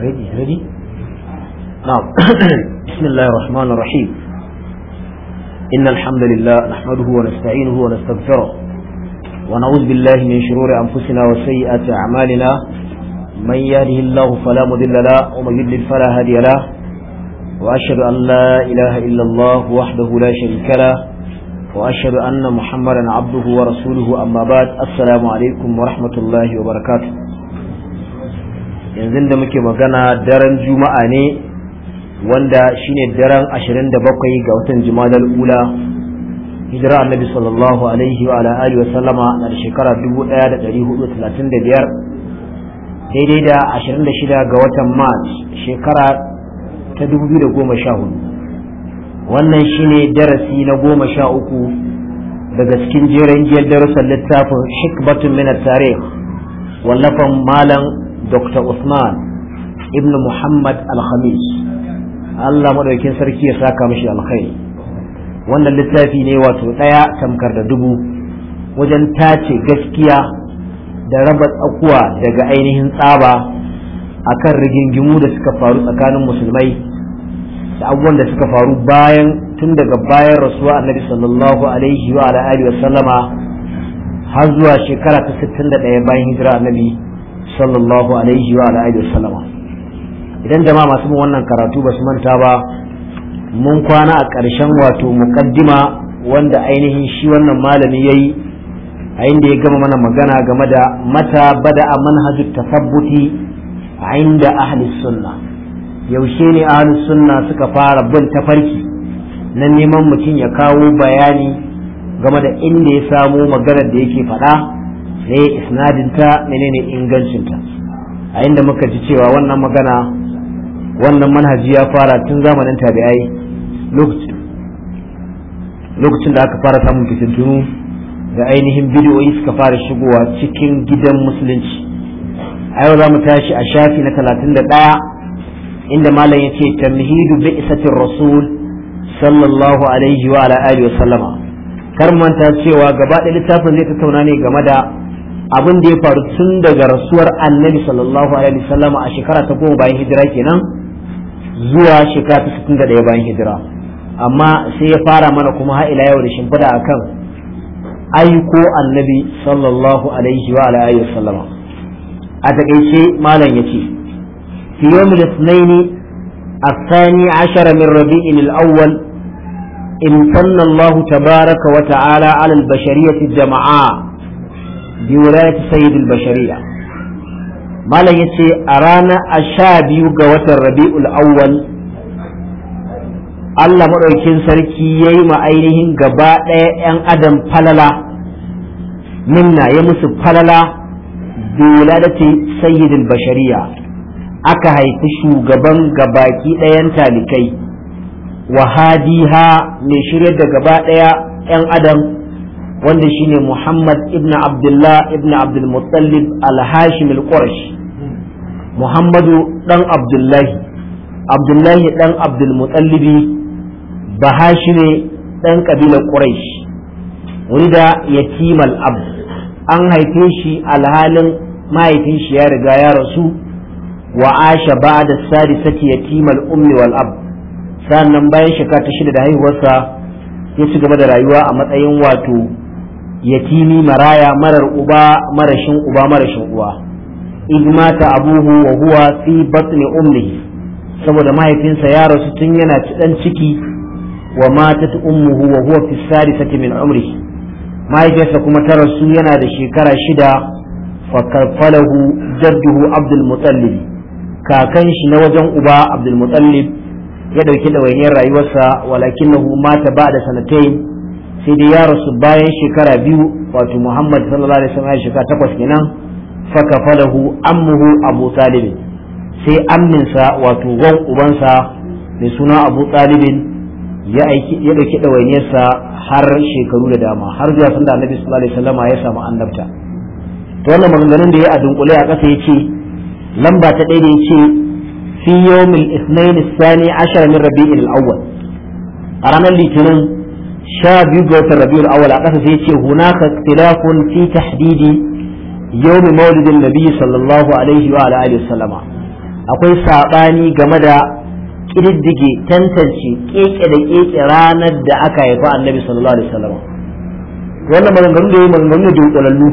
ready ready na'am bismillahir rahmanir rahim innal hamdalillah nahmaduhu wa nasta'inuhu wa nastaghfiruh wa na'udhu billahi min shururi anfusina wa sayyiati a'malina من يهده الله فلا مضل له ومن يضلل فلا هادي له واشهد ان لا اله الا الله وحده لا شريك له wa ان محمدا عبده ورسوله اما بعد السلام عليكم ورحمه الله وبركاته yanzu da muke magana daren juma'a ne wanda shine daren 27 ga watan jumadal ula hijira annabi sallallahu alaihi wa ala alihi wa sallama na shekara 1435 daidai da 26 ga watan mars shekara ta 2014 wannan shine darasi na goma sha uku daga cikin jerin jiyar darussan littafin hikbatun minar tarih wallafan malam dr usman ibn muhammad al-khamis allah madaukin sarki ya saka mashi alkhairi wannan littafi ne wato ɗaya tamkar da dubu wajen tace gaskiya da raba tsakuwa daga ainihin tsaba akan rigingimu da suka faru tsakanin musulmai da abubuwan da suka faru bayan tun daga bayan rasuwa annabi sallallahu alaihi wa alihi wa sallama har zuwa shekara ta 61 bayan hijira annabi sallallahu alaihi wa alihi wa sallama idan jama'a masu bin wannan karatu basu manta ba mun kwana a ƙarshen wato muqaddima wanda ainihin shi wannan malami yayi a inda ya gama mana magana game da mata a manhajin tasabbuti a inda ahli sunna yaushe ne ahli sunna suka fara bin tafarki na neman mutum ya kawo bayani game da inda ya samo maganar da yake faɗa ne isnadinta menene ingancinta a inda muka ji cewa wannan magana wannan manhaji ya fara tun zamanin tabi'ai lokacin da aka fara samun fitintunu da ainihin bidiyoyi suka fara shigowa cikin gidan musulunci a yau za mu tashi a shafi na talatin da ɗaya inda malam ya ce tamhidu bi isatin rasul sallallahu alaihi wa ala alihi wa sallama kar manta cewa gaba ɗaya littafin zai tattauna ne game da abin da ya faru tun daga rasuwar annabi sallallahu alaihi wasallam a shekara ta goma bayan hijira kenan zuwa shekara ta da ɗaya bayan hijira amma sai ya fara mana kuma har ila yau da shimfida akan aiko annabi sallallahu alaihi wa alihi wasallam a takaice malam yace fi yawmil ithnaini الثاني عشر من ربيع الأول امتن الله تبارك وتعالى على البشرية jama'a. bi wilayati bashariya malam yace a ranar a sha biyu ga watan rabi'ul awwal Allah maɗaukin sarki ya yi ainihin gaba 'yan adam falala minna ya musu falala bi wiladati bashariya aka haifi shugaban gabaki ɗayan talikai wahadiha mai shirya da gabaɗaya 'yan adam wanda shine Muhammad ibn Abdullah ibn Abdul Muttalib al-Hashim al-Qurashi Muhammadu dan Abdullahi Abdullahi dan Abdul Muttalibi Bahashi dan kabilar Quraish wanda yatimal ab. an haife shi alhalin mahaifin shi ya riga ya rasu wa asha Sadi Sati yatimal ummi wal ab sannan bayan shekara ta shida da haihuwarsa ya ci gaba da rayuwa a matsayin wato yatimi maraya marar uba marashin uba marashin uwa idmata abuhu wa huwa fi batni ummihi saboda mahaifinsa ya rasu tun yana dan ciki wa matat ummuhu wa huwa fi min umrihi mahaifiyarsa kuma ta rasu yana da shekara shida fa kafalahu jadduhu abdul mutallib kakan shi na wajen uba abdul mutallib ya ɗauki ɗawainiyar rayuwarsa walakinahu mata ba da sanatai sai dai ya rasu bayan shekara biyu wato Muhammad sallallahu alaihi wasallam shekara takwas kenan kafalahu ammuhu Abu Talib sai amminsa wato wan ubansa mai suna Abu Talib ya aiki ya dauki dawainiyarsa har shekaru da dama har zuwa sanda Annabi sallallahu alaihi wasallam ya samu annabta to wannan maganganun da ya adunkule a kasa yace lamba ta ɗaya da yace fi yawmil ithnain ashara min rabi'il awwal a ranar litinin sha biyu ga watan rabiul awwal a ƙasa sai ce hunaka ikhtilafun fi tahdidi yawm maulidin nabi sallallahu alaihi akwai saɓani game da ƙiriddige tantance keke da keke ranar da aka haifa annabi sallallahu alaihi wasallama wannan maganganu da yayi maganganu da dukalallu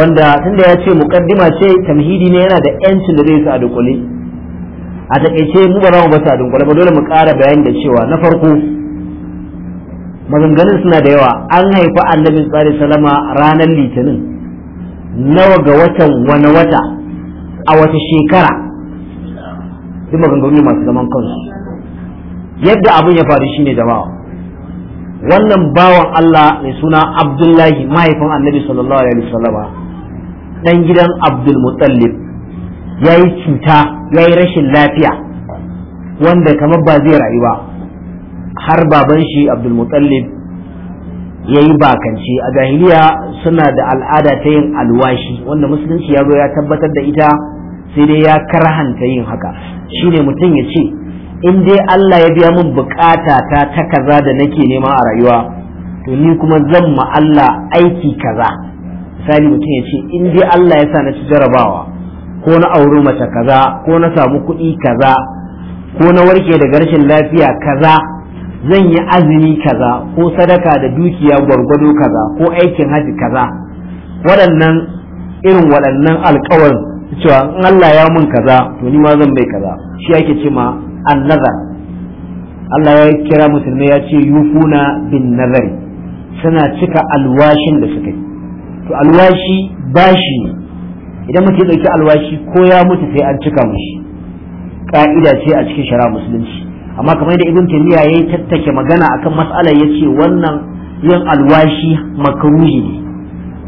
wanda tunda ya ce muqaddima ce tamhidi ne yana da yancin da zai sa dukule a takaice mu ba za a bata dunkule ba dole mu ƙara bayani da cewa na farko maganganun suna da yawa an haifi annabin tsari salama ranar litinin nawa ga watan wani wata a wata shekara duk maganganu masu zaman kansu yadda abin ya faru shine jama'a wannan bawan Allah mai suna Abdullahi mahaifin annabi sallallahu alaihi wasallama dan gidan Abdul ya yi cuta ya yi rashin lafiya wanda kamar ba zai rayu ba har baban shi abdulmutallib ya yi bakanci a jahiliya suna da al'ada ta yin alwashi wanda musulunci ya zo ya tabbatar da ita sai dai ya karhanta yin haka shine mutum ya ce in dai Allah ya biya min bukata ta ta kaza da nake nema a rayuwa to ni kuma zan ma Allah aiki kaza misali mutum ya ce in dai Allah ya sa na ci jarabawa ko na auri mace kaza ko na samu kuɗi kaza ko na warke daga rashin lafiya kaza zan yi azumi kaza ko sadaka da dukiya gwargwado kaza ko aikin haji kaza waɗannan irin waɗannan alkawar cewa in Allah ya mun kaza to ni ma zan bai kaza shi yake ce ma annazar Allah ya kira musulmai ya ce yufuna bin nazari suna cika alwashin da suka yi to alwashi bashi ne idan muke ɗauki alwashi ko ya mutu sai an cika mushi ka'ida ce a cikin shara musulunci amma kamar da ibn taymiya yayi tattake magana akan mas'alar yace wannan yin alwashi makruhi ne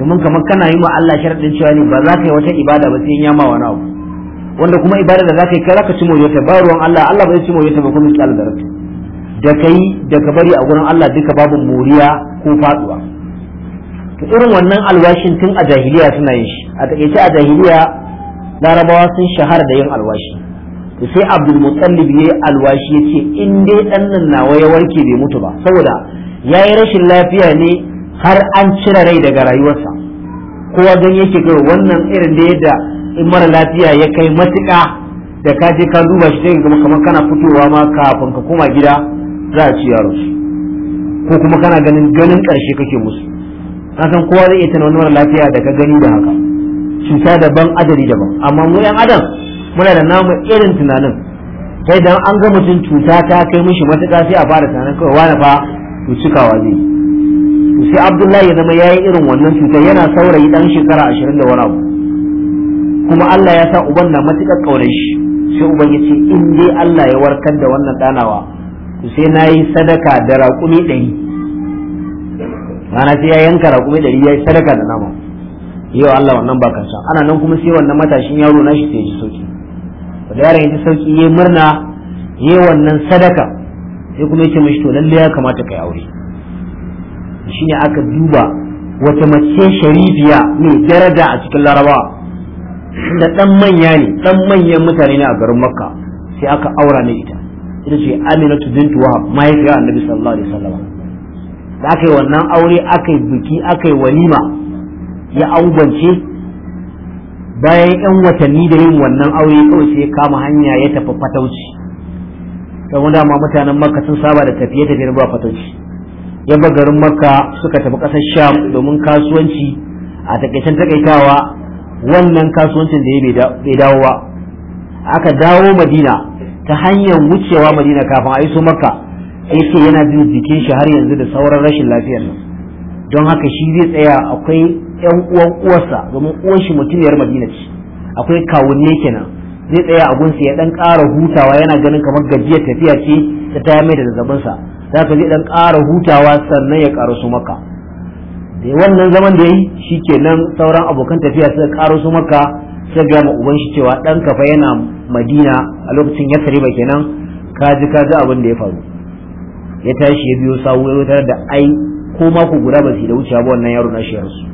domin kamar kana yi wa Allah sharadin cewa ne ba za ka yi wata ibada ba sai yama wani abu wanda kuma ibada da za ka yi kai zaka ci moriyarta ba ruwan Allah Allah ba zai ci moriyarta ba kuma ki Allah da da kai da ka bari a gurin Allah duka babu moriya ko faduwa to irin wannan alwashin tun a jahiliya suna yin shi a takaice a jahiliya larabawa sun shahara da yin alwashi sai abdul mutallib ya yi alwashi ya ce in dai ɗan nan nawa ya warke bai mutu ba saboda ya yi rashin lafiya ne har an cire rai daga rayuwarsa kowa gan yake ga wannan irin da yadda in mara lafiya ya kai matuƙa da ka je ka duba shi sai kuma kamar kana fitowa ma kafin ka koma gida za a ci yaro ko kuma kana ganin ganin ƙarshe kake musu na san kowa zai iya tana wani mara lafiya da ka gani da haka cuta daban adadi daban amma mu yan adam muna da namu irin tunanin sai dan an ga mutum cuta ta kai mishi matuƙa sai a fara tunanin kawai wani fa to cikawa zai to sai Abdullahi ya zama yayi irin wannan cutar yana saurayi dan shekara 20 da wani abu kuma Allah ya sa uban na matuƙar kaunar shi sai uban ya ce in dai Allah ya warkar da wannan danawa to sai nayi sadaka da raƙumi ɗari. rana sai ya yanka raƙumi ya yi sadaka da nama yau Allah wannan ba kansa ana nan kuma sai wannan matashin yaro shi sai ya ji sauki da yaron ya sauki yayi murna yayi wannan sadaka sai kuma yake mishi to lalle ya kamata kai aure shine aka duba wata mace sharifiya mai daraja a cikin laraba da dan manya ne dan manyan mutane ne a garin makka sai aka aura ne ita ita ce aminatu bintu wahab mahaifiyar annabi sallallahu alaihi wasallam da aka yi wannan aure aka yi biki aka yi walima ya angwance bayan yan watanni da yin wannan aure kawai sai kama hanya ya tafi fatauci saboda ma mutanen makka sun saba da tafiye tafiye ba fatauci ya ba garin makka suka tafi ƙasar sham domin kasuwanci a takaicen takaitawa wannan kasuwancin da ya bai dawo ba aka dawo madina ta hanyar wucewa madina kafin a iso makka yake yana jin jikin shi har yanzu da sauran rashin lafiyar nan don haka shi zai tsaya akwai yan uwan uwarsa domin uwan shi mutumiyar madina ce akwai kawunne kenan zai tsaya a gunsa ya dan ƙara hutawa yana ganin kamar gajiyar tafiya ce da ta mai da sa zaka zai dan ƙara hutawa sannan ya ƙara su maka da wannan zaman da yi shi kenan sauran abokan tafiya suka ƙara su maka sai gaya uban shi cewa dan kafa yana madina a lokacin ya ba kenan ka ji ka ji abin da ya faru ya tashi ya biyo sawu ya da ai ko mako guda ba su da wucewa ba wannan yaro na shi su.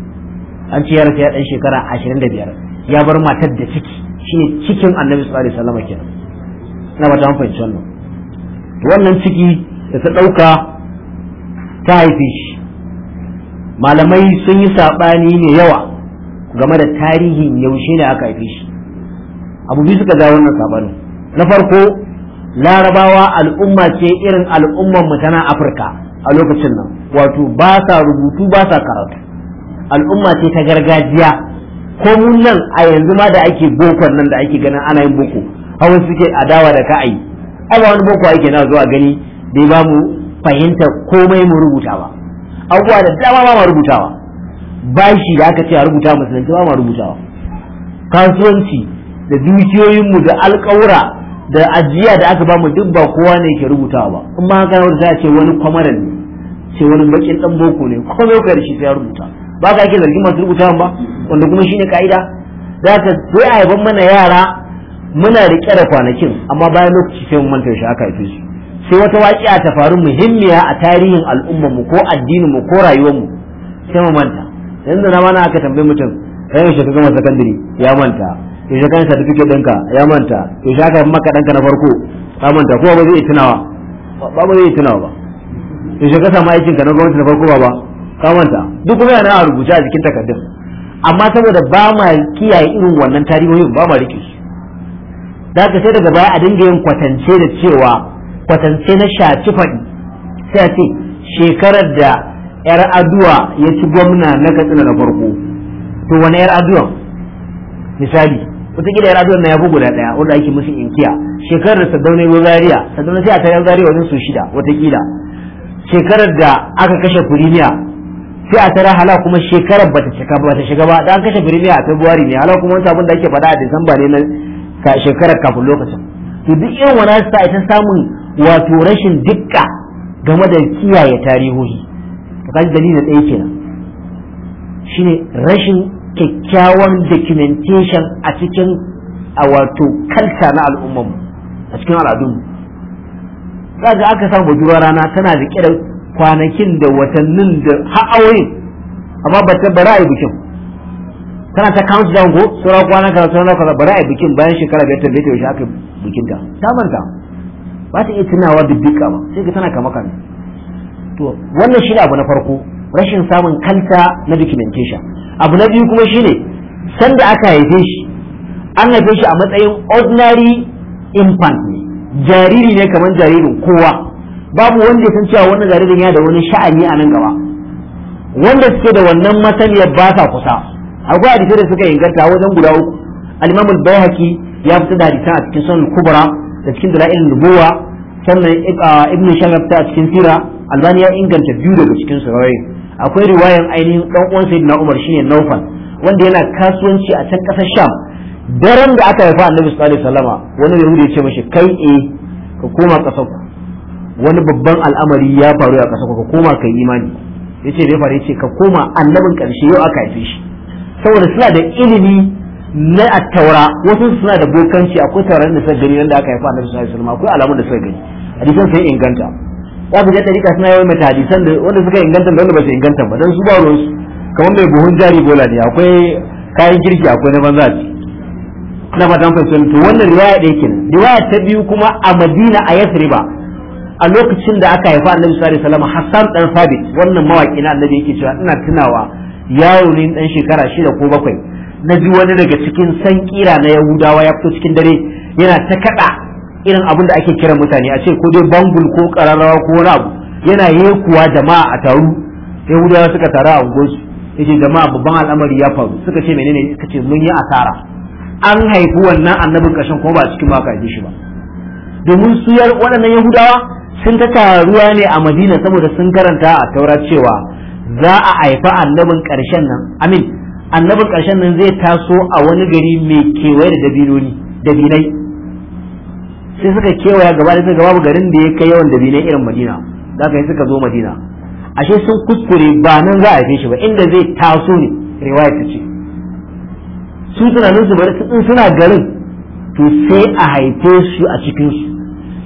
an ce ya rasu ya dan shekara ashirin da biyar ya bar matar da ciki shine cikin annabi sallallahu alaihi wasallam kenan ina ba ta fahimci wannan wannan ciki da ta ɗauka ta haife shi malamai sun yi saɓani ne yawa game da tarihin yaushe ne aka haife shi abu biyu suka ga wannan saɓanin na farko larabawa al'umma ce irin al'umman mu ta afirka a lokacin nan wato ba sa rubutu ba sa karatu al'umma ce ta gargajiya ko mun nan a yanzu ma da ake bokon nan da ake ganin ana yin boko hawan suke adawa da ka'ai ai ba wani boko ake na zuwa gani bai ba mu fahimta komai mu rubutawa abubuwa da dama ba mu rubutawa bashi da aka ce a rubuta musulunci ba mu rubutawa kasuwanci da dukiyoyinmu da alkawura da ajiya da aka bamu duk ba kowa ne ke rubutawa ba in ma haka ce wani kwamaran ne ce wani bakin dan boko ne komai ka da shi sai ya rubuta ba ka ake zargin masu rubuta ba wanda kuma shine ka'ida za ka sai a yaban mana yara muna riƙe da kwanakin amma bayan lokaci sai mun manta shi aka yi shi sai wata waƙiya ta faru muhimmiya a tarihin al'umma mu ko addinin mu ko rayuwar mu sai mu manta yanzu na mana aka tambayi mutum kai yaushe ka gama sakandare ya manta yaushe kan certificate ɗinka ya manta yaushe aka maka ɗanka na farko ka manta Kuma ba zai tunawa ba ba zai tunawa ba yaushe ka samu aikinka na gwamnati na farko ba ba wanta duk kuma yana a rubuce a jikin takardun amma saboda ba ma kiyaye irin wannan tarihohin ba ma rike shi da ka sai daga baya a dinga yin kwatance da cewa kwatance na shaci faɗi sai a ce shekarar da yar aduwa ya ci gwamna na katsina na farko to wani yar aduwa misali wataƙila yar aduwa na ya fi guda ɗaya wanda ake musu inkiya shekarar da sadaunai zariya sadaunai sai a tayar zariya wajen su shida wataƙila shekarar da aka kashe kuriniya sai a tara hala kuma shekarar bata cika ta shiga ba dan kashe firimiya a February ne hala kuma wancan abin da ake faɗa a Disamba ne nan ka shekarar kafin lokacin to duk irin wannan sa ita samun wato rashin dukka game da kiyaye tarihohi to kan dalilin ɗaya nan shine rashin kyakkyawan documentation a cikin a wato kalta na al'ummar a cikin al'adun kaga aka samu bujura rana tana da kira kwanakin da watannin da ha'aure amma ba ta bara a yi bikin tana ta count down ko sauran kwana kaza sauran kaza bara a yi bikin bayan shekara biyar ta bita yaushe aka bikin ta ta manta ba ta iya tunawa da duka ba sai ka tana kama kanta to wannan shi abu na farko rashin samun kanta na documentation abu na biyu kuma shine sanda aka haife shi an haife shi a matsayin ordinary infant ne jariri ne kamar jaririn kowa babu wanda ya san cewa wannan jaririn ya da wani sha'ani a nan gaba wanda suke da wannan masaniyar ba sa kusa akwai hadisi da suka inganta wajen guda uku al-imam al-bayhaqi ya fita da hadisan a cikin sunan kubra da cikin dalailin nubuwa sannan uh, ibn shagab ta cikin sira albani ya inganta biyu daga cikin su akwai riwayan ainihin dan uwan sayyidina umar shine nawfal wanda yana kasuwanci a can kasar sham daren da aka haifa annabi sallallahu alaihi wasallama wani yahudi ya ce mashi kai eh ka koma kasar ku wani babban al'amari ya faru a ƙasa ka koma kai imani yace me faru yace ka koma annabin ƙarshe yau aka haife shi saboda suna da ilimi na attaura wasu suna da bokanci akwai tauraron da suka gani da aka haifa annabi sallallahu alaihi wasallam akwai alamun da suka gani hadisan sai inganta za ku ga tarika suna yawan mata hadisan da wanda suka inganta da wanda ba su inganta ba dan su ba ruwan su kamar mai buhun jari bola ne akwai kayan kirki akwai na banza na fatan fahimta to wannan riwaya ɗaya kenan riwaya ta biyu kuma a Madina a Yasriba a lokacin da aka haifa annabi sallallahu alaihi wasallam Hassan dan Sabit wannan mawaki na annabi yake cewa ina tunawa yaro ne dan shekara shida ko bakwai na ji wani daga cikin san kira na Yahudawa ya fito cikin dare yana ta kada irin abin da ake kiran mutane a ce ko dai bangul ko kararrawa ko wani abu yana yekuwa jama'a a taru Yahudawa suka taru a unguwarsu yace jama'a babban al'amari ya faru suka ce menene suka ce mun yi asara an haifi wannan annabin kashin kuma ba cikin maka ji shi ba domin su yar waɗannan Yahudawa sun ta taruwa ne a madina saboda sun karanta a taura cewa za a haifa annabin ƙarshen nan amin annabin ƙarshen nan zai taso a wani gari mai kewaye da dabinoni dabinai sai suka kewaya gaba da gaba garin da ya kai yawan dabinai irin madina za ka yi suka zo madina ashe sun kuskure ba nan za a haife shi ba inda zai taso ne riwaya ta ce su tunanin su bari su suna garin to sai a haife su a cikin su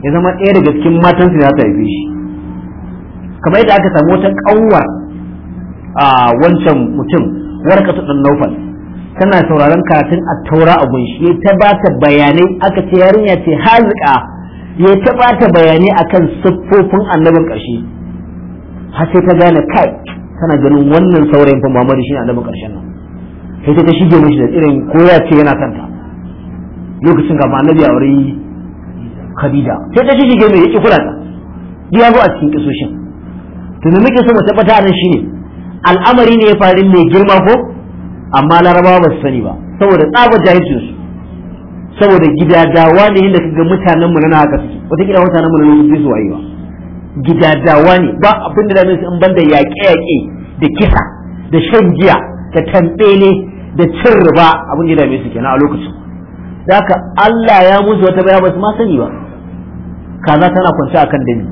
ya zama ɗaya daga cikin matan su ya haife shi kamar yadda aka samu wata ƙanwa a wancan mutum warka su naufal tana sauraron karatun a taura a gunshi ya ta ba ta bayanai aka ce yarinya ce hazika ya ta ba ta bayanai akan siffofin annabin ƙarshe har sai ta gane kai tana ganin wannan saurayin fa Muhammadu shine annabin ƙarshen nan sai ta shige mishi da irin ko ce yana kanta lokacin kafa annabi a wuri khadija sai ta shige mai yake kula ta ya zo a cikin kisoshin to me muke so mu tabbata nan shine al'amari ne ya faru mai girma ko amma larabawa ba su sani ba saboda tsabar jahilcin su saboda gidadawa ne yadda kaga mutanen mu na haka suke wata kila mutanen mu na su su wayewa gidadawa ne ba abin da su in banda yaƙe-yaƙe da kisa da shan giya da tambele da cin riba abin da dame su kenan a lokacin da haka Allah ya musu wata baya ba su ma sani ba kaza tana kwance akan dami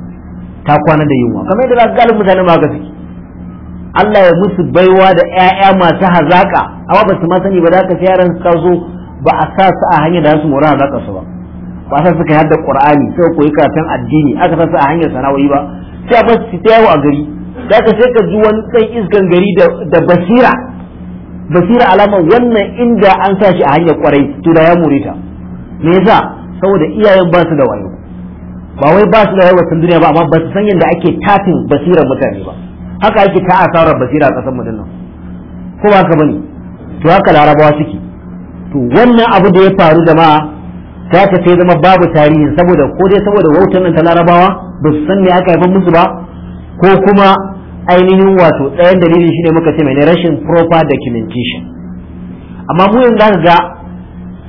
ta kwana da yunwa kamar yadda za galibin mutane ma gaske Allah ya musu baiwa da 'ya'ya masu hazaka amma ba su ma sani ba da ka yaran su zo ba a sa su a hanyar da su mora hazaka su ba ba sa suka hadda Qur'ani sai yi karatun addini aka sa su a hanyar sana'o'i ba sai a basu su yawo a gari da ka sai ka ji wani dan iskan gari da basira basira alama wannan inda an sa shi a hanyar kwarai to da ya more ta me yasa saboda iyayen ba su da wayo ba wai ba su da yawa sun duniya ba amma ba su san yadda ake tafin basirar mutane ba haka ake ta asarar basira a ƙasar nan ko ba ka bane to haka larabawa suke to wannan abu da ya faru jama'a ta ta sai zama babu tarihin saboda ko dai saboda wautan nan ta larabawa ba su san me aka haifar musu ba ko kuma ainihin wato ɗayan dalilin shine muka ce mai ne rashin proper documentation amma mu yanzu zaka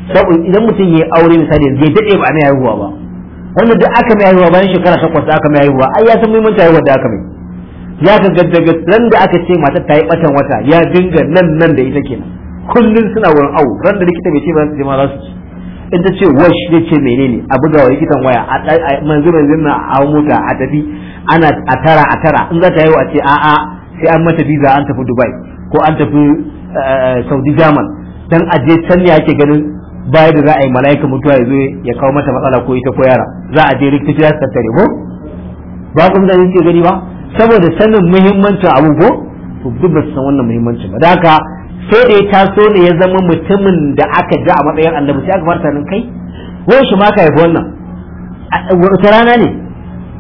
ga idan mutum ya yi aure misali zai daɗe ba na haihuwa ba wanda da aka mai haihuwa bayan shekara takwas aka mai haihuwa ai ya san muhimmancin haihuwa da aka mai ya ga daga ran da aka ce matar ta yi batan wata ya dinga nan nan da ita kenan kullun suna wurin awu ran da likita bai ce ba su ma za su ci in ta ce wash ne ce menene a buga wa likitan waya a manzo manzo na a mota a tafi ana a tara a tara in za ta haihu a ce a'a sai an mata visa an tafi dubai ko an tafi eh, saudi jamal dan aje can ne ake ganin baya da za a yi mala'ika mutuwa ya zo ya kawo mata matsala ko ita ko yara za a je rikici za su tattare ko ba kun da yake gani ba saboda sanin muhimmancin abu ko to duk ba san wannan muhimmancin ba da haka sai da ya taso ne ya zama mutumin da aka ji a matsayin annabi sai aka farta nan kai ko shi ma ka yi wannan wata rana ne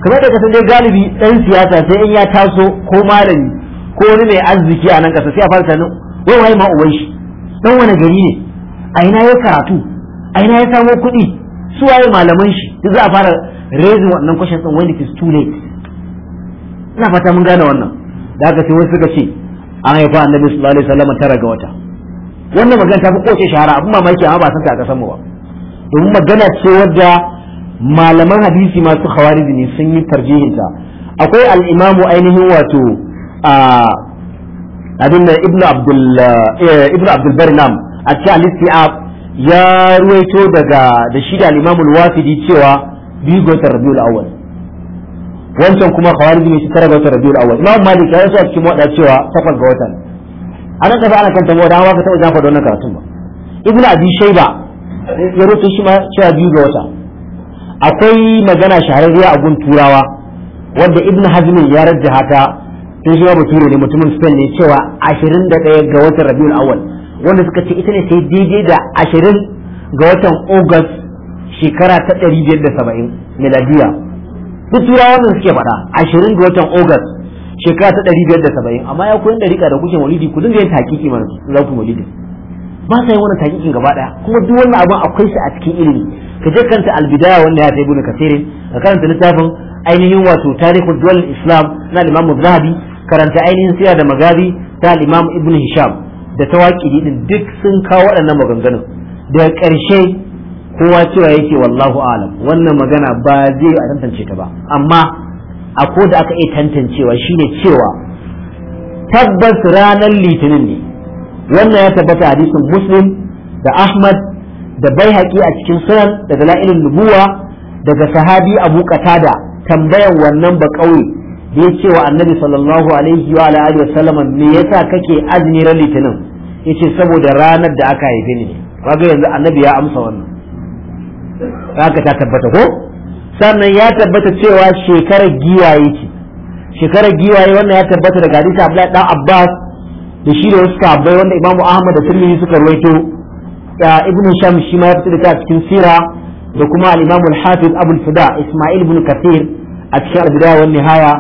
kamar da kasance dai galibi dan siyasa sai in ya taso ko malami ko wani mai arziki a nan kasa sai a farta nan wai wai ma uwai shi dan wani gari ne a ina ya karatu a ina ya samo kuɗi su waye malaman shi duk za a fara raising wannan question din when it is too late ina fata mun gane wannan da aka ce wasu suka ce an haifa annabi sallallahu alaihi wasallam tara ga wata wannan magana ta fi koce shahara abin mamaki amma ba san ta a kasan mu ba domin magana ce wadda malaman hadisi masu khawariji ne sun yi tarjihinta akwai al-imamu ainihin wato a abin da ibnu abdul eh, ibnu abdul barnam a cikin al-istiab ya ruwaito daga da shi da al-imamul wafidi cewa biyu ga rabiul awwal wancan kuma khawarij ne shi shekara ga watan rabiul awwal imam malik ya rasu a cikin wada cewa takwas ga watan anan kaza ana kan da an ka taba jafa wannan karatun ba ibnu abi shayba ya rubuta shi ma cewa biyu ga wata akwai magana shahararriya a gun turawa wanda ibnu hazm ya rajjaha ta sai shi ba bature ne mutumin spain ne cewa 21 ga watan rabiul awwal wanda suka ce ita ne sai daidai da ashirin ga watan ogas shekara ta ɗari biyar da saba'in miladiya duk turawa wanda suke faɗa ashirin ga watan ogas shekara ta ɗari biyar da saba'in amma ya koyan ɗarika da kuke maulidi ku dinga yin taƙiƙi mana za ku maulidi ba sa yi wannan taƙiƙi gaba ɗaya kuma duk wannan abin akwai shi a cikin ilimi ka je kanta albidaya wanda ya sai ibnu kasirin ka karanta littafin ainihin wato tarihin duwal islam na limamu zahabi karanta ainihin siya da magabi ta limamu ibnu hisham da tawaƙi din duk sun kawo waɗannan maganganun da ƙarshe kowa cewa yake wallahu alam wannan magana ba zai a tantance ta ba amma a ko da aka iya tantancewa shine cewa tabbas ranar litinin ne wannan ya tabbata hadisin muslim da ahmad da baihaqi a cikin sunan daga la'ilin nubuwa daga sahabi abu qatada tambayan wannan ba kauye da ya ce wa annabi sallallahu alaihi wa alihi wa me yasa kake azumi ran litinin yace saboda ranar da aka haife ni kaga yanzu annabi ya amsa wannan haka ta tabbata ko sannan ya tabbata cewa shekarar giwaye ce shekarar giwaye wannan ya tabbata daga hadisi Abdullahi dan Abbas da shi da wasu sahabbai wanda Imam Ahmad da Tirmidhi suka rawaito Ibn Sham shi ma ya fito da cikin sira da kuma al-Imam al-Hafiz Abu al-Fida Isma'il ibn Kathir a cikin al-Bidayah wan Nihaya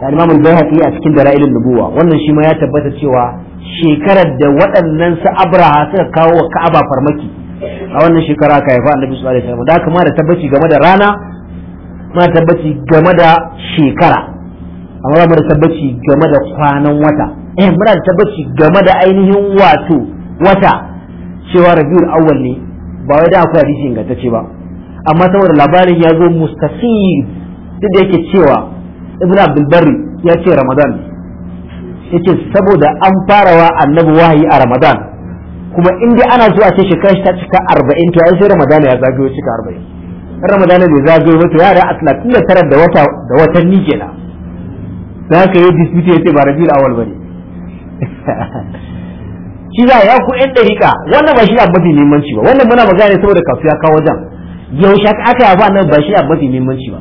da Imam al-Baihaqi a cikin Dalailun Nubuwa wannan shi ma ya tabbata cewa shekarar da waɗannan sa Abraha suka kawo wa Ka'aba farmaki a wannan shekara ka haifa Annabi sallallahu alaihi wasallam da kuma da tabbaci game da rana ma tabbaci game da shekara amma ba da tabbaci game da kwanan wata eh muna da tabbaci game da ainihin wato wata cewa Rabiul Awwal ne ba wai da akwai hadisi ingantacce ba amma saboda labarin ya zo mustafid duk da yake cewa ibn abdul barri ya ce ramadan ce saboda an farawa annabi wahayi a ramadan kuma inda ana so a ce shekara ta cika 40 to ai sai ramadan ya zagayo cika 40 in ramadan ne zagayo ba to yara a 39 da wata da watanni kenan da ka yi dispute yace ba rabiul awal bane shi za ya ku inda rika wannan ba shi a neman muhimmanci ba wannan muna magana ne saboda kafiya kawo wajen shi aka ba nan ba shi a neman muhimmanci ba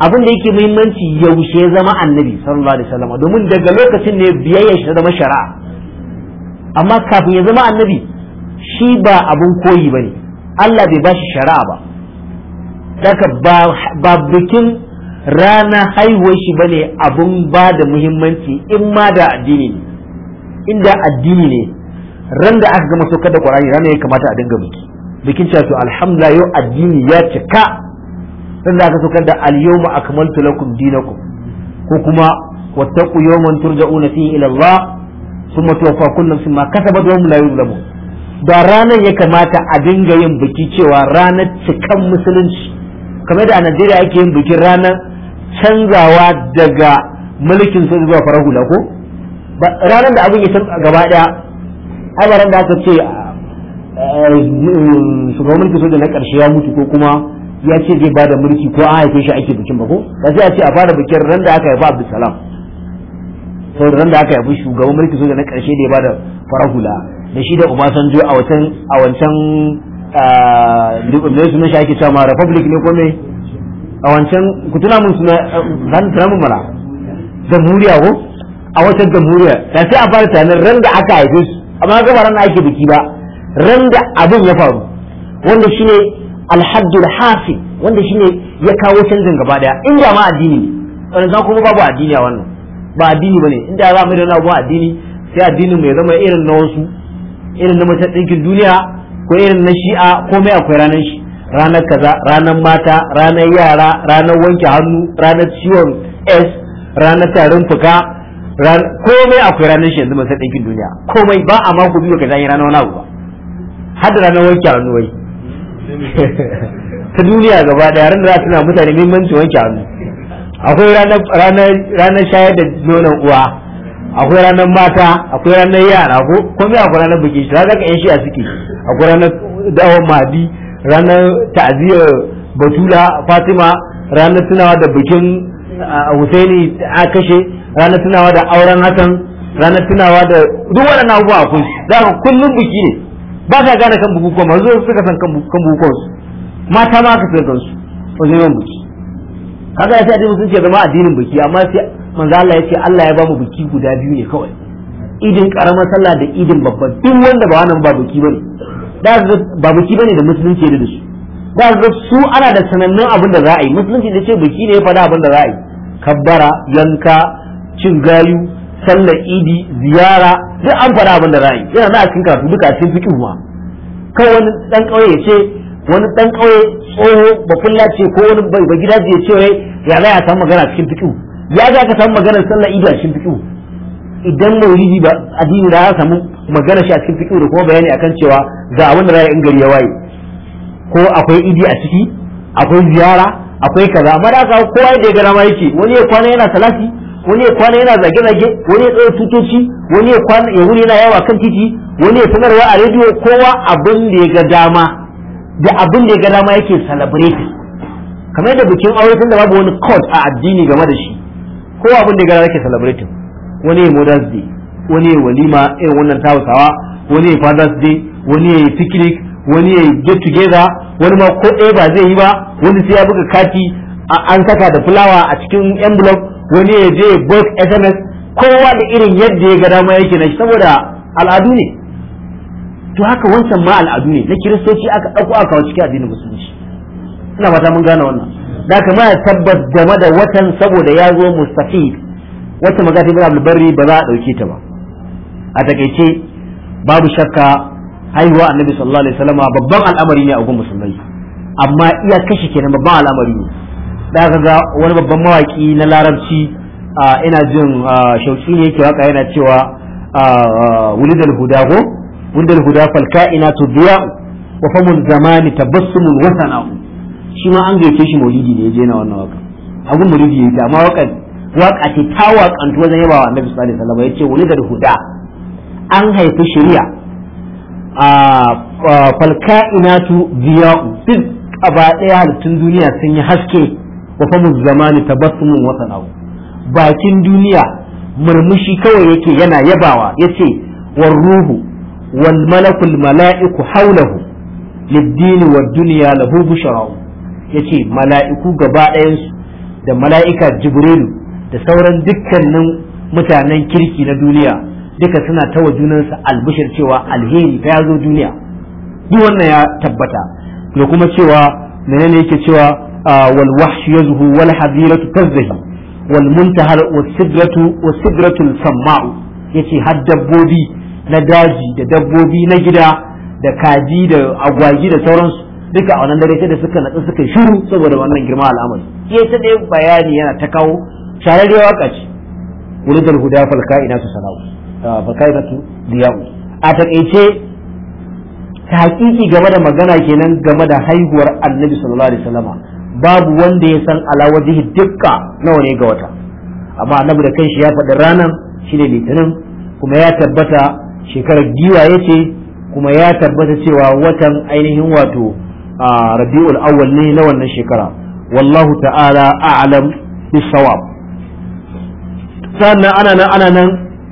abin da yake muhimmanci yaushe zama annabi sallallahu alaihi wasallam domin daga lokacin ne biyayya shi zama shari'a amma kafin ya zama annabi shi ba abin koyi bane Allah bai bashi shari'a ba daga ba bikin rana haihuwar shi bane abin ba da muhimmanci in ma da addini ne inda addini ne ran da aka gama saukar da Qur'ani ranar ya kamata a dinga biki bikin cewa to alhamdulillah yau addini ya cika sun da aka saukar da al-yawma akmaltu lakum dinakum ko kuma wattaqu yawman turja'una fihi ila Allah thumma tuwaffa kullu ma kasabat wa hum la yuzlamun da ranar ya kamata a dinga yin biki cewa ranar cikan musulunci kamar da a Najeriya ake yin bikin ranar canzawa daga mulkin sun zuwa farar hula ko ranar da abin ya san gaba daya ai da aka ce eh, shugaban mulkin sun na karshe ya mutu ko kuma ya ce zai bada mulki ko an haife shi ake bikin ba ko ba sai a ce a fara bikin ran da aka haifa Abdulsalam saboda ran da aka haifi shugaban mulki soja na karshe da ya bada farahula da shi da Obasanjo a wancan a wancan ne sunan shi ake cewa ma republic ne ko me a wancan ku tuna mun suna ran tuna mun mara jamhuriya ko a wata jamhuriya da sai a fara tunanin ran da aka haife shi amma ga ran ran ake biki ba ran da abin ya faru wanda shine alhaddul hasi wanda shine ya kawo canjin gaba daya in da ma addini ne wani za kuma babu addini a wannan ba addini bane in da za mu da na ba addini sai addinin mu ya zama irin na wasu irin na mace dinkin duniya ko irin na shi'a ko mai akwai ranar shi ranar kaza ranar mata ranar yara ranar wanke hannu ranar ciwon s ranar tarin fuka komai akwai ranar shi yanzu mace dinkin duniya komai ba a mako biyu ka zai ranar wani abu ba har da ranar wanke hannu wai ta duniya gaba daya ran da za tana mutane muhimmanci wanke hannu akwai ranar shayar da nonon uwa akwai ranar mata akwai ranar yara ko komai akwai ranar buki shi zaka shi a suke akwai ranar dawon madi ranar ta'aziyar batula fatima ranar tunawa da bikin husaini a kashe ranar tunawa da auren hasan ranar tunawa da duk waɗannan abubuwa akwai da kullum biki ne ba sa gane kan bukukuwa masu zuwa suka san kan bukukuwan su mata ma aka san kansu zai yawan buki kaga ya sai addinin musulunci ya zama addinin buki amma sai manzo Allah ya ce Allah ya ba mu buki guda biyu ne kawai idin karamar sallah da idin babban duk wanda ba wannan ba buki bane da ba buki bane da musulunci ya da su da su ana da sanannun abin da za a yi musulunci da ce buki ne ya faɗa abin da za a yi kabbara yanka cin gayu sallar idi ziyara duk an faɗa abin da yi yana na cikin karatu duka a cikin fikin ma kawai wani dan ƙauye ce wani dan ƙauye tsoho kulla ce ko wani bai gida ya ce wai ya za a samu magana cikin fikin ya za ka samu maganar sallar idi a cikin fikin idan maulidi ba addini da ya samu magana shi a cikin fikin da kuma bayani akan cewa ga abin da ra'ayi in gari ya waye ko akwai idi a ciki akwai ziyara akwai kaza amma da aka kowa da ya gara ma yake wani ya kwana yana salati wani ya kwana yana zage-zage wani ya tsaye tutoci wani ya kwana ya wuri yana yawa kan titi wani ya sanarwa a rediyo kowa abin da ya ga dama da abin da ya ga dama yake celebrating kamar yadda bikin aure tun da babu wani court a addini game da shi kowa abin da ya ga dama yake celebrating wani ya mother's day wani ya walima irin wannan tawasawa wani ya father's day wani ya picnic wani ya get together wani ma ko ɗaya ba zai yi ba wani sai ya buga kati an saka da fulawa a cikin envelope wani ya je bulk sms kowa da irin yadda ya ga dama yake na saboda al'adu ne to haka wancan ma al'adu ne na kiristoci aka ɗauko aka kawo cikin addinin musulunci ina fata mun gane wannan da haka ma tabbas game da watan saboda ya zo mustafid wata magana ta Abdul Barri ba za a ɗauke ta ba a takaice babu shakka haihuwa annabi sallallahu alaihi wasallam babban al'amari ne a gun musulmai amma iya kashi kenan babban al'amari ne da aka ga wani babban mawaki na larabci ina jin shauki ne yake waka yana cewa wulidal huda ko wulidal huda falka ina to biya wa famul zamani tabassumun wasana shi ma an gaice shi maulidi ne je na wannan waka abun maulidi yake amma waka waka ce ta wakantu wajen yaba wa annabi sallallahu alaihi wasallam yace wulidal huda an haifi shari'a falka ina to biya duk gaba ɗaya halittun duniya sun yi haske wa famu zamani tabassumun wa sana'u bakin duniya murmushi kawai yake yana yabawa yace war ruhu wal malakul mala'iku haulahu lid-dini wad dunya lahu bushra yace mala'iku gaba ɗayan su da mala'ika jibrilu da sauran dukkanin mutanen kirki na duniya duka suna tawa junansa albishir cewa alheri ta zo duniya duk wannan ya tabbata da kuma cewa menene yake cewa wal wahshu yazhu wal hadiratu tazzahi wal muntahar was sidratu was sidratul samma'u yace har dabbobi na daji da dabbobi na gida da kaji da agwagi da sauransu duka a wannan dare sai da suka natsu suka shiru saboda wannan girma al'amari sai ta bayani yana ta kawo shararriyar waka ce wuridul huda fal ka'inatu sana'u fal ka'inatu diya'u a takeice ta hakiki game da magana kenan game da haihuwar annabi sallallahu alaihi wasallama babu wanda ya san ala wajihi dukka nawa ne ga wata amma annabi da kanshi ya faɗi ranar shine litinin kuma ya tabbata shekarar giwa ce kuma ya tabbata cewa watan ainihin wato a rabi'ul awwal ne na wannan shekara wallahu ta'ala a'lam bisawab sannan ana nan ana nan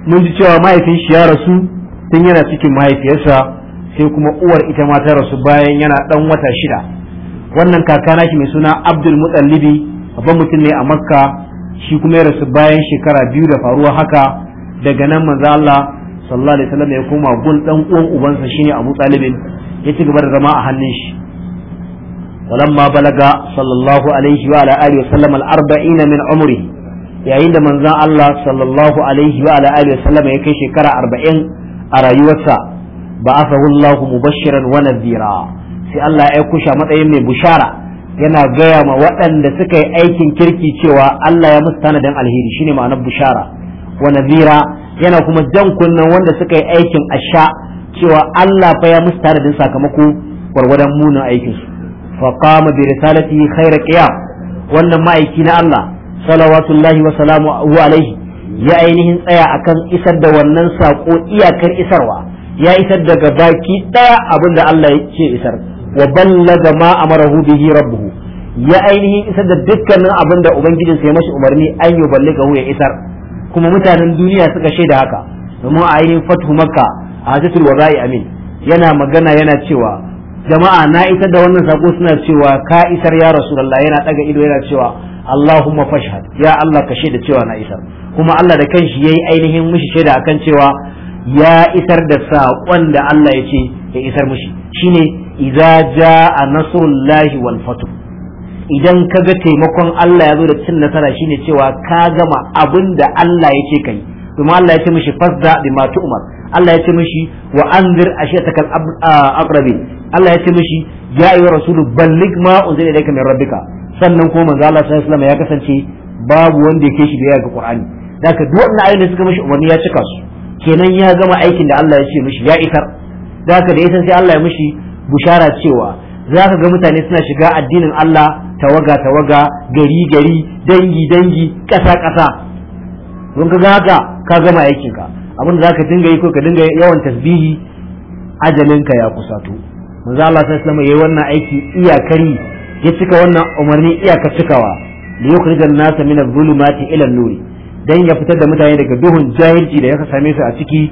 mun ji cewa mahaifin shi ya rasu tun yana cikin mahaifiyarsa sai kuma uwar ita ma ta rasu bayan yana dan wata shida wannan kakana shi mai suna abdul mutallibi babban mutum ne a makka shi kuma ya rasu bayan shekara biyu da faruwa haka daga nan manzo Allah sallallahu alaihi wasallam ya koma gun dan uwan ubansa shine Abu Talibin ya ci gaba da zama a hannun shi balaga بلغ alaihi wa عليه وعلى آله وسلم الأربعين min umri, yayin da manzon Allah sallallahu alaihi wa ala alihi wasallam ya kai shekara 40 a rayuwarsa ba afahu Allah mubashiran wa nadhira sai Allah ya aiko shi matsayin mai bushara yana gaya ma waɗanda suka yi aikin kirki cewa Allah ya musu tanadin alheri shine ma'anar bushara wa nazira yana kuma jan kunnen wanda suka yi aikin asha cewa Allah fa ya musu tanadin sakamako gwargwadon munin aikin su fa qama bi risalati khayra qiyam wannan ma'aiki na Allah salawatullahi wa salamu alaihi ya ainihin tsaya akan isar da wannan sako iyakar isarwa ya isar daga baki daya abinda Allah ya ce isar wa ballaga ma amarahu bihi rabbuhu ya ainihin isar da dukkanin abin da ubangijin sai mashi umarni an yi hu ya isar kuma mutanen duniya suka shaida haka domin a ainihin fatu makka a hajjatul wada'i amin yana magana yana cewa jama'a na isar da wannan sako suna cewa ka isar ya rasulullah yana daga ido yana cewa allahumma fashhad ya allah ka shaida cewa na isar kuma allah da kanshi yayi ainihin mushi shaida akan cewa ya isar da saƙon da Allah ya ce ya isar mushi shine idza jaa nasrullahi wal fatu idan kaga taimakon Allah ya zo da cin nasara shine cewa ka gama abin da Allah yake kai kuma Allah ya ce mishi fasda bima tu'mar Allah ya ce mishi wa anzir ashiyatakal aqrabi Allah ya ce mishi ya ayyuhar rasulu balligh ma unzila ilayka min rabbika sannan kuma manzo Allah sallallahu alaihi ya kasance babu wanda yake shi da ya ga Qur'ani da ka duk wannan ayoyin da suka mishi umarni ya cika su kenan ya gama aikin da Allah ya ce mishi ya isar da ka da yasan sai Allah ya mishi bushara cewa za ka ga mutane suna shiga addinin Allah tawaga tawaga gari gari dangi dangi ƙasa ƙasa don ka ga haka ka gama aikinka abin da za ka dinga yi ko ka dinga yawan tasbihi ajalinka ya kusato manzo Allah sallallahu alaihi wannan aiki iyakari ya cika wannan umarni iyaka cikawa li yukhrij an-nasa min adh-dhulumati ila an-nur dan ya fitar da mutane daga duhun jahilci da ya same su a ciki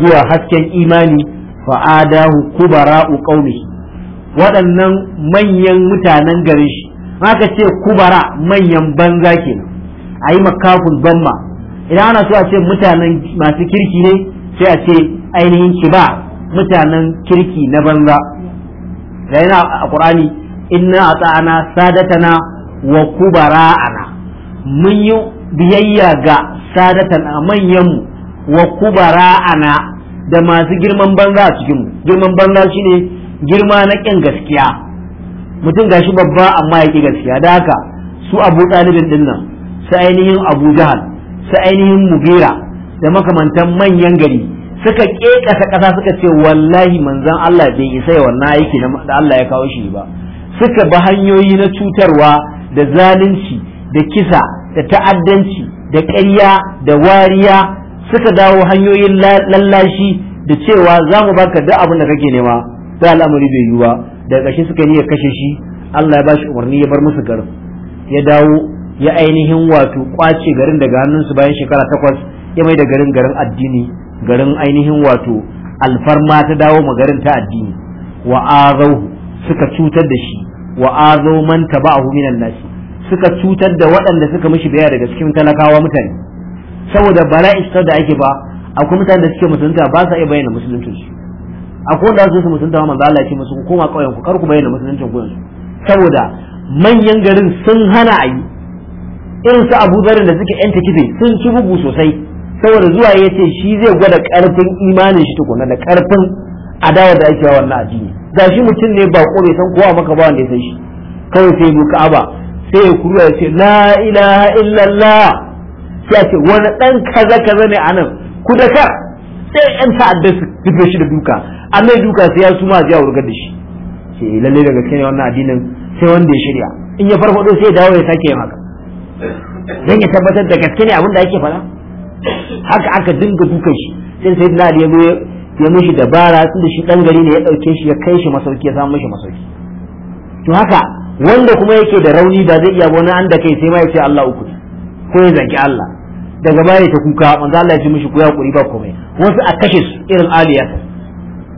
zuwa hasken imani fa adahu kubara'u qaumihi waɗannan manyan mutanen garin shi haka ce kubara manyan banza ke? a yi makaful bamma idan ana so a ce mutanen masu kirki ne sai a ce ainihin ki ba mutanen kirki na banza da yana a ƙur'ani inna a tsa'ana sadatana wa kubara ana mun yi biyayya ga sadatana manyanmu wa kubara ana da masu girman banza a cikinmu girman banza shine girma na ƙin gaskiya mutum gashi babba amma ya ƙi gaskiya da haka su abu ɗalibin ɗin nan su ainihin abu jahal su ainihin mugira da makamantan manyan gari suka ƙeƙasa ƙasa suka ce wallahi manzan Allah bai isa ya wannan aiki da Allah ya kawo shi ba suka bi hanyoyi na cutarwa da zalunci da kisa da ta'addanci da ƙarya da wariya suka dawo hanyoyin lallashi da cewa za mu baka duk abin da kake nema sai al'amari bai yiwu da daga ƙarshe suka niyyar kashe shi Allah ya bashi umarni ya bar musu garin ya dawo ya ainihin wato kwace garin daga hannunsu bayan shekara takwas ya mai da garin garin addini garin ainihin wato alfarma ta dawo ma garin ta addini wa suka cutar da shi wa azau man tabahu minan nasi suka cutar da waɗanda suka mishi baya daga cikin talakawa mutane saboda bala'i cutar da ake ba akwai mutane da suke musulunta ba sa iya bayyana musuluncin su akwai wanda su musulunta manzo Allah ya ce musu koma ƙauyen ku kar ku bayyana musuluncin ku saboda manyan garin sun hana a yi irin su Abu Dharr da suke yan takife sun ci bugu sosai saboda zuwa ya ce shi zai gwada karfin imanin shi tukuna da karfin adawa da ake wannan addini gashi shi mutum ne ba ko san kowa maka ba wanda ya san shi kawai sai bu aba sai ya kuruwa ya ce la ilaha illallah ya ce wani ɗan kaza kaza ne a nan ku da ka sai yan ta'adda su rufe shi da duka a mai duka sai ya suma ji a wurgar da shi ce lalle daga cikin wannan addinin sai wanda ya shirya in ya farfado sai ya dawo ya sake yin haka dan ya tabbatar da gaske ne abin da ake fara haka aka dinga dukan shi sai sai na ya zo ya mishi dabara tun da shi dan gari ne ya dauke shi ya kai shi masauki ya samu mishi masauki to haka wanda kuma yake da rauni ba zai iya wani an da kai sai ma ya ce Allah uku ko ya zaki Allah daga baya ta kuka manzo Allah ya ji mishi ku kuri ba komai wasu a kashe su irin aliya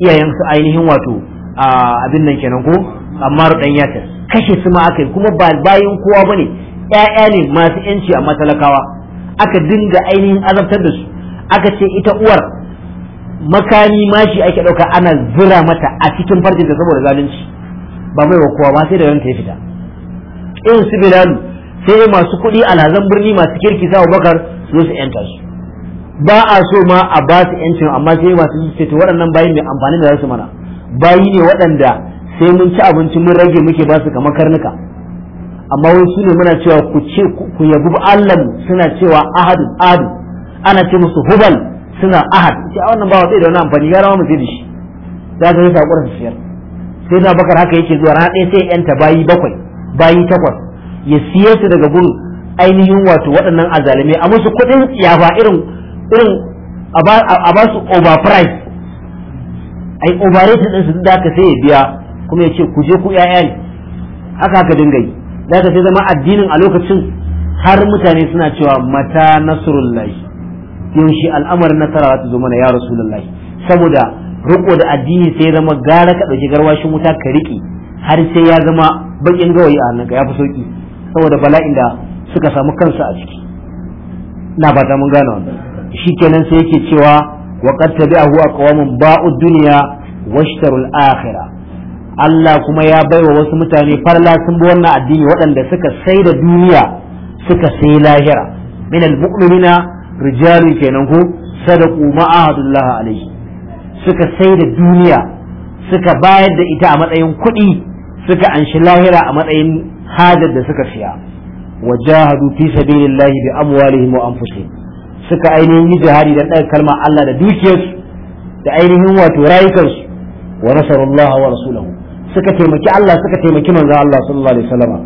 iyayen su ainihin wato a abin nan kenan ko amma rudan ya ta kashe su ma akai kuma ba bayin kowa bane ƴaƴa ne masu yanci a matalakawa aka dinga ainihin azabtar da su aka ce ita uwar makami mashi ake ɗauka ana zura mata a cikin farjinta saboda zalunci ba mai wa kowa ba sai da ranta ya fita irin su bilalu sai masu kuɗi alhazan birni masu kirki sa bakar su su yanta su ba a so ma a ba su yancin amma sai masu ce to waɗannan bayi mai amfani da za su mana bayi ne waɗanda sai mun ci abinci mun rage muke ba su kamar karnuka amma wasu ne muna cewa ku ce ku yabu Allah suna cewa ahadu ahadu ana ce musu hubal suna ahad ce a wannan ba wani da wani amfani gara mu sai da shi za ka su siyar sai na bakar haka yake zuwa rana ɗaya sai yanta bayi bakwai bayi takwas ya siyar su daga gurin ainihin wato waɗannan azalimai a musu kuɗin tsiyafa irin irin a ba su a yi overrated ɗin su da aka sai ya biya kuma ya ce ku je ku ƴaƴa ne haka haka dinga yi da ka sai zama addinin a lokacin har mutane suna cewa mata nasrullahi shi al'amarin nasara za ta zo mana ya rasulullahi saboda riko da addini sai ya zama gara ka ɗauki garwashin wuta ka riƙe har sai ya zama baƙin gawayi a hannunka ya fi sauƙi saboda bala'in da suka samu kansu a ciki na fata mun gane wannan kenan sai yake cewa wa qad tabi'ahu aqwamun ba'u dunya washtarul akhirah Allah kuma ya baiwa wasu mutane farla sun bi wannan addini waɗanda suka sai da duniya suka sai lahira min almu'minina rijalun kenan ko sadaqu ma ahadullah suka sai da duniya suka bayar da ita a matsayin kuɗi suka anshi lahira a matsayin hajar da suka siya wa jahadu fi sabilillahi bi amwalihim wa anfusihim suka ainihin yi jihadi dan kalma Allah da dukiyarsu da ainihin wato rayukansu wa nasarullaha wa rasulahu suka taimaki Allah suka taimaki manzon Allah sallallahu alaihi wasallam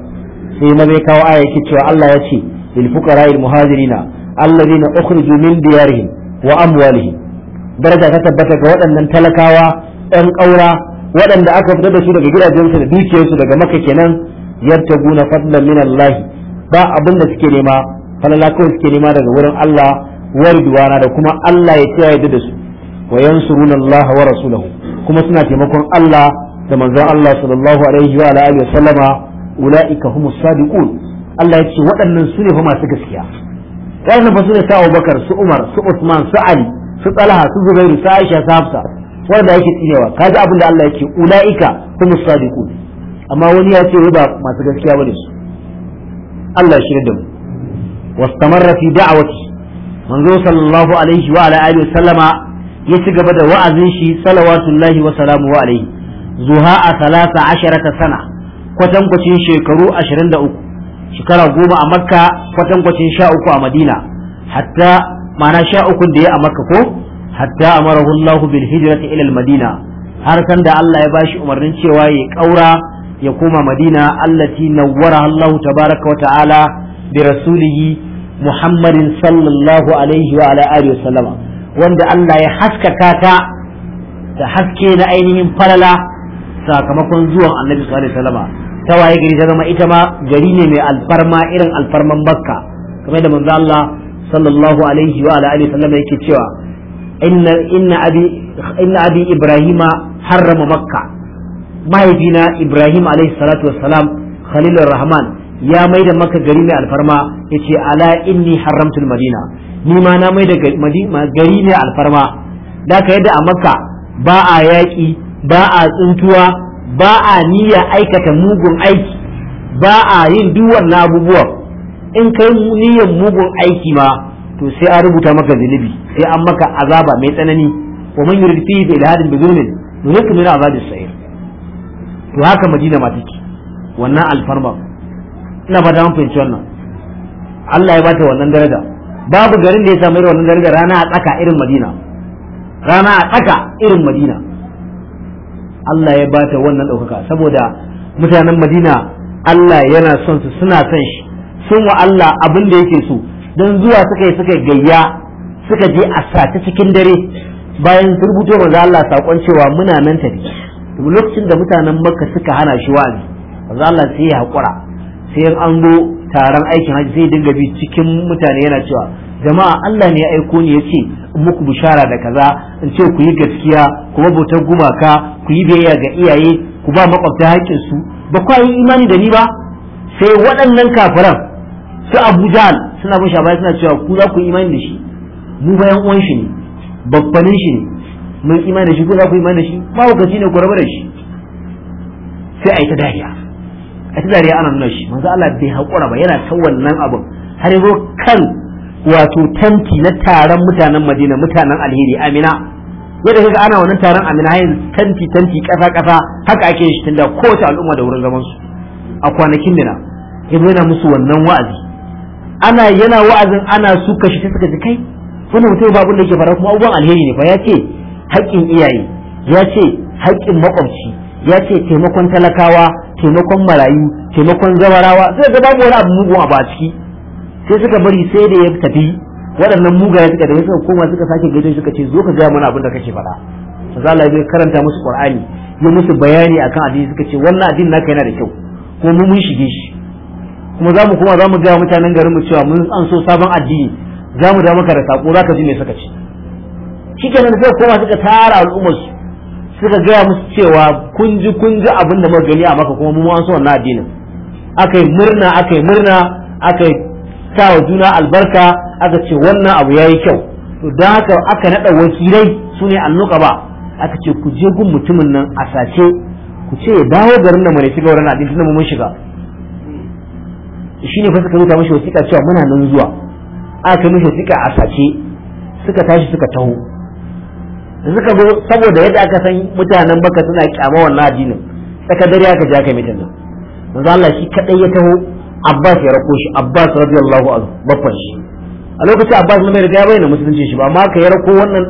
sai na bai kawo aya yake cewa Allah ya ce lil fuqara'il muhajirina alladhina ukhriju min diyarihim wa amwalihim daraja ta tabbata ga waɗannan talakawa ɗan ƙaura waɗanda aka fita da su daga gidajensu da dukiyarsu daga maka kenan yartaguna fadlan min Allah ba abin da suke nema falala kawai suke nema daga wurin Allah warduwana da kuma Allah ya tsaya da su wa yansuruna Allah wa rasulahu kuma suna taimakon Allah da manzon Allah sallallahu alaihi wa alihi wa sallama ulaika humus sadiqun Allah ya ce waɗannan su ne fa masu gaskiya waɗannan fa su ne sa Abubakar su Umar su Usman su Ali su Talha su Zubairu su Aisha su Hafsa wanda yake tsinewa kaji abin da Allah yake ulaika humus sadiqun amma wani ya ce ba masu gaskiya bane su Allah shi da mu wastamarra fi da'awati manzo sallallahu alaihi wa ala alihi sallama ya ci gaba da wa'azin shi salawatullahi wa salamuhu alaihi zuha a salasa asharata sana kwatankwacin shekaru ashirin da uku shekara goma a makka kwatankwacin sha uku a madina hatta ma'ana sha ukun da ya a makka ko hatta amarahu Allah bil hijrati ila al madina har san da Allah ya bashi umarnin cewa ya kaura ya koma madina allati nawwara Allah tabaraka wa ta'ala bi rasulihi muhammadin sallallahu alaihi wa ala alihi wanda Allah ya haskaka ta da haske na ainihin falala sakamakon zuwan annabi sallallahu alaihi ta waye gari ta zama ita ma gari ne mai alfarma irin alfarman makka kamar da manzo Allah sallallahu alaihi wa ala alihi yake cewa inna inna abi inna abi ibrahima harrama makka mahaifina ibrahim alaihi salatu wassalam khalilur rahman ya mai da maka gari mai alfarma ya ce ala inni haramtul madina ni ma na mai da gari mai alfarma da ka yadda a maka, ba a yaƙi ba a tsuntuwa ba a niyya aikata mugun aiki ba a yin duk na abubuwan in kai niyyar mugun aiki ma to sai a rubuta maka zunubi sai an maka azaba mai tsanani wa man yurid fihi bi ilhadin bi zulmin nuzukum min azabis sa'ir to haka madina ma take wannan alfarma ina ba da fahimci wannan Allah ya bata wannan daraja babu garin da ya samu irin wannan daraja rana a tsaka irin madina rana a tsaka irin madina Allah ya bata wannan ɗaukaka saboda mutanen madina Allah yana son su suna son shi sun wa Allah abin da yake so don zuwa suka yi suka gayya suka je a sata cikin dare bayan sun rubuto manzo Allah saƙon cewa muna nan tafi to lokacin da mutanen makka suka hana shi wa'azi manzo Allah sai ya hakura sai an zo taron aikin haji zai dinga bi cikin mutane yana cewa jama'a Allah ne ya aiko ni ce in muku bishara da kaza in ce ku yi gaskiya kuma bautar gumaka ku yi biyayya ga iyaye ku ba makwabta haƙƙin su ba ku yi imani da ni ba sai waɗannan kafiran su abuja suna bin shabaya suna cewa ku za ku yi imani da shi mu bayan uwan shi ne babbanin shi ne mun imani da shi ko za ku imani da shi mahaukaci ne ku rabu da shi sai a yi ta dariya a ta dariya ana nuna shi manzo Allah bai haƙura ba yana ta wannan abin har yazo kan wato tanti na taron mutanen Madina mutanen alheri Amina yadda kaga ana wannan taron Amina hayin tanti tanti kasa kasa haka ake shi tunda kowace al'umma da wurin zaman su a kwanakin nan yazo yana musu wannan wa'azi ana yana wa'azin ana suka shi suka ji kai wannan mutum babu da yake fara kuma abubuwan alheri ne fa ya ce haƙƙin iyaye ya ce haƙƙin makwabci ya ce taimakon talakawa taimakon marayu taimakon zawarawa sai ga babu wani abu mugun abu a ciki sai suka bari sai da ya tafi waɗannan mugaye suka da suka koma suka sake gaito suka ce zo ka gaya mana abin da kake faɗa maza Allah ya karanta musu Qur'ani ya musu bayani akan addini suka ce wannan addini naka yana da kyau ko mu mun shige shi kuma za mu koma za mu gaya mutanen garin mu cewa mun an so sabon addini za mu da maka da sako za ka ji me suka ce shikenan sai koma suka tara al'ummar su suka gaya musu cewa kun ji kun ji abin da muka gani a maka kuma mu an so wannan addinin aka yi murna aka yi murna aka yi sa juna albarka aka ce wannan abu yayi kyau to dan haka aka nada wakilai sune annuka ba aka ce ku je gun mutumin nan a sace ku ce ya dawo garin nan mu shiga wurin addinin mun mun shiga shine fa suka rubuta mishi wasiƙa cewa muna nan zuwa aka mishi wasiƙa a sace suka tashi suka taho suka zo saboda yadda aka san mutanen baka suna kyama wannan addinin saka dare aka aka yi mitin nan Allah shi kadai ya taho Abbas ya rako shi Abbas radiyallahu anhu baffan shi a lokacin Abbas ne riga ya bayyana musulunci shi ba amma ka ya rako wannan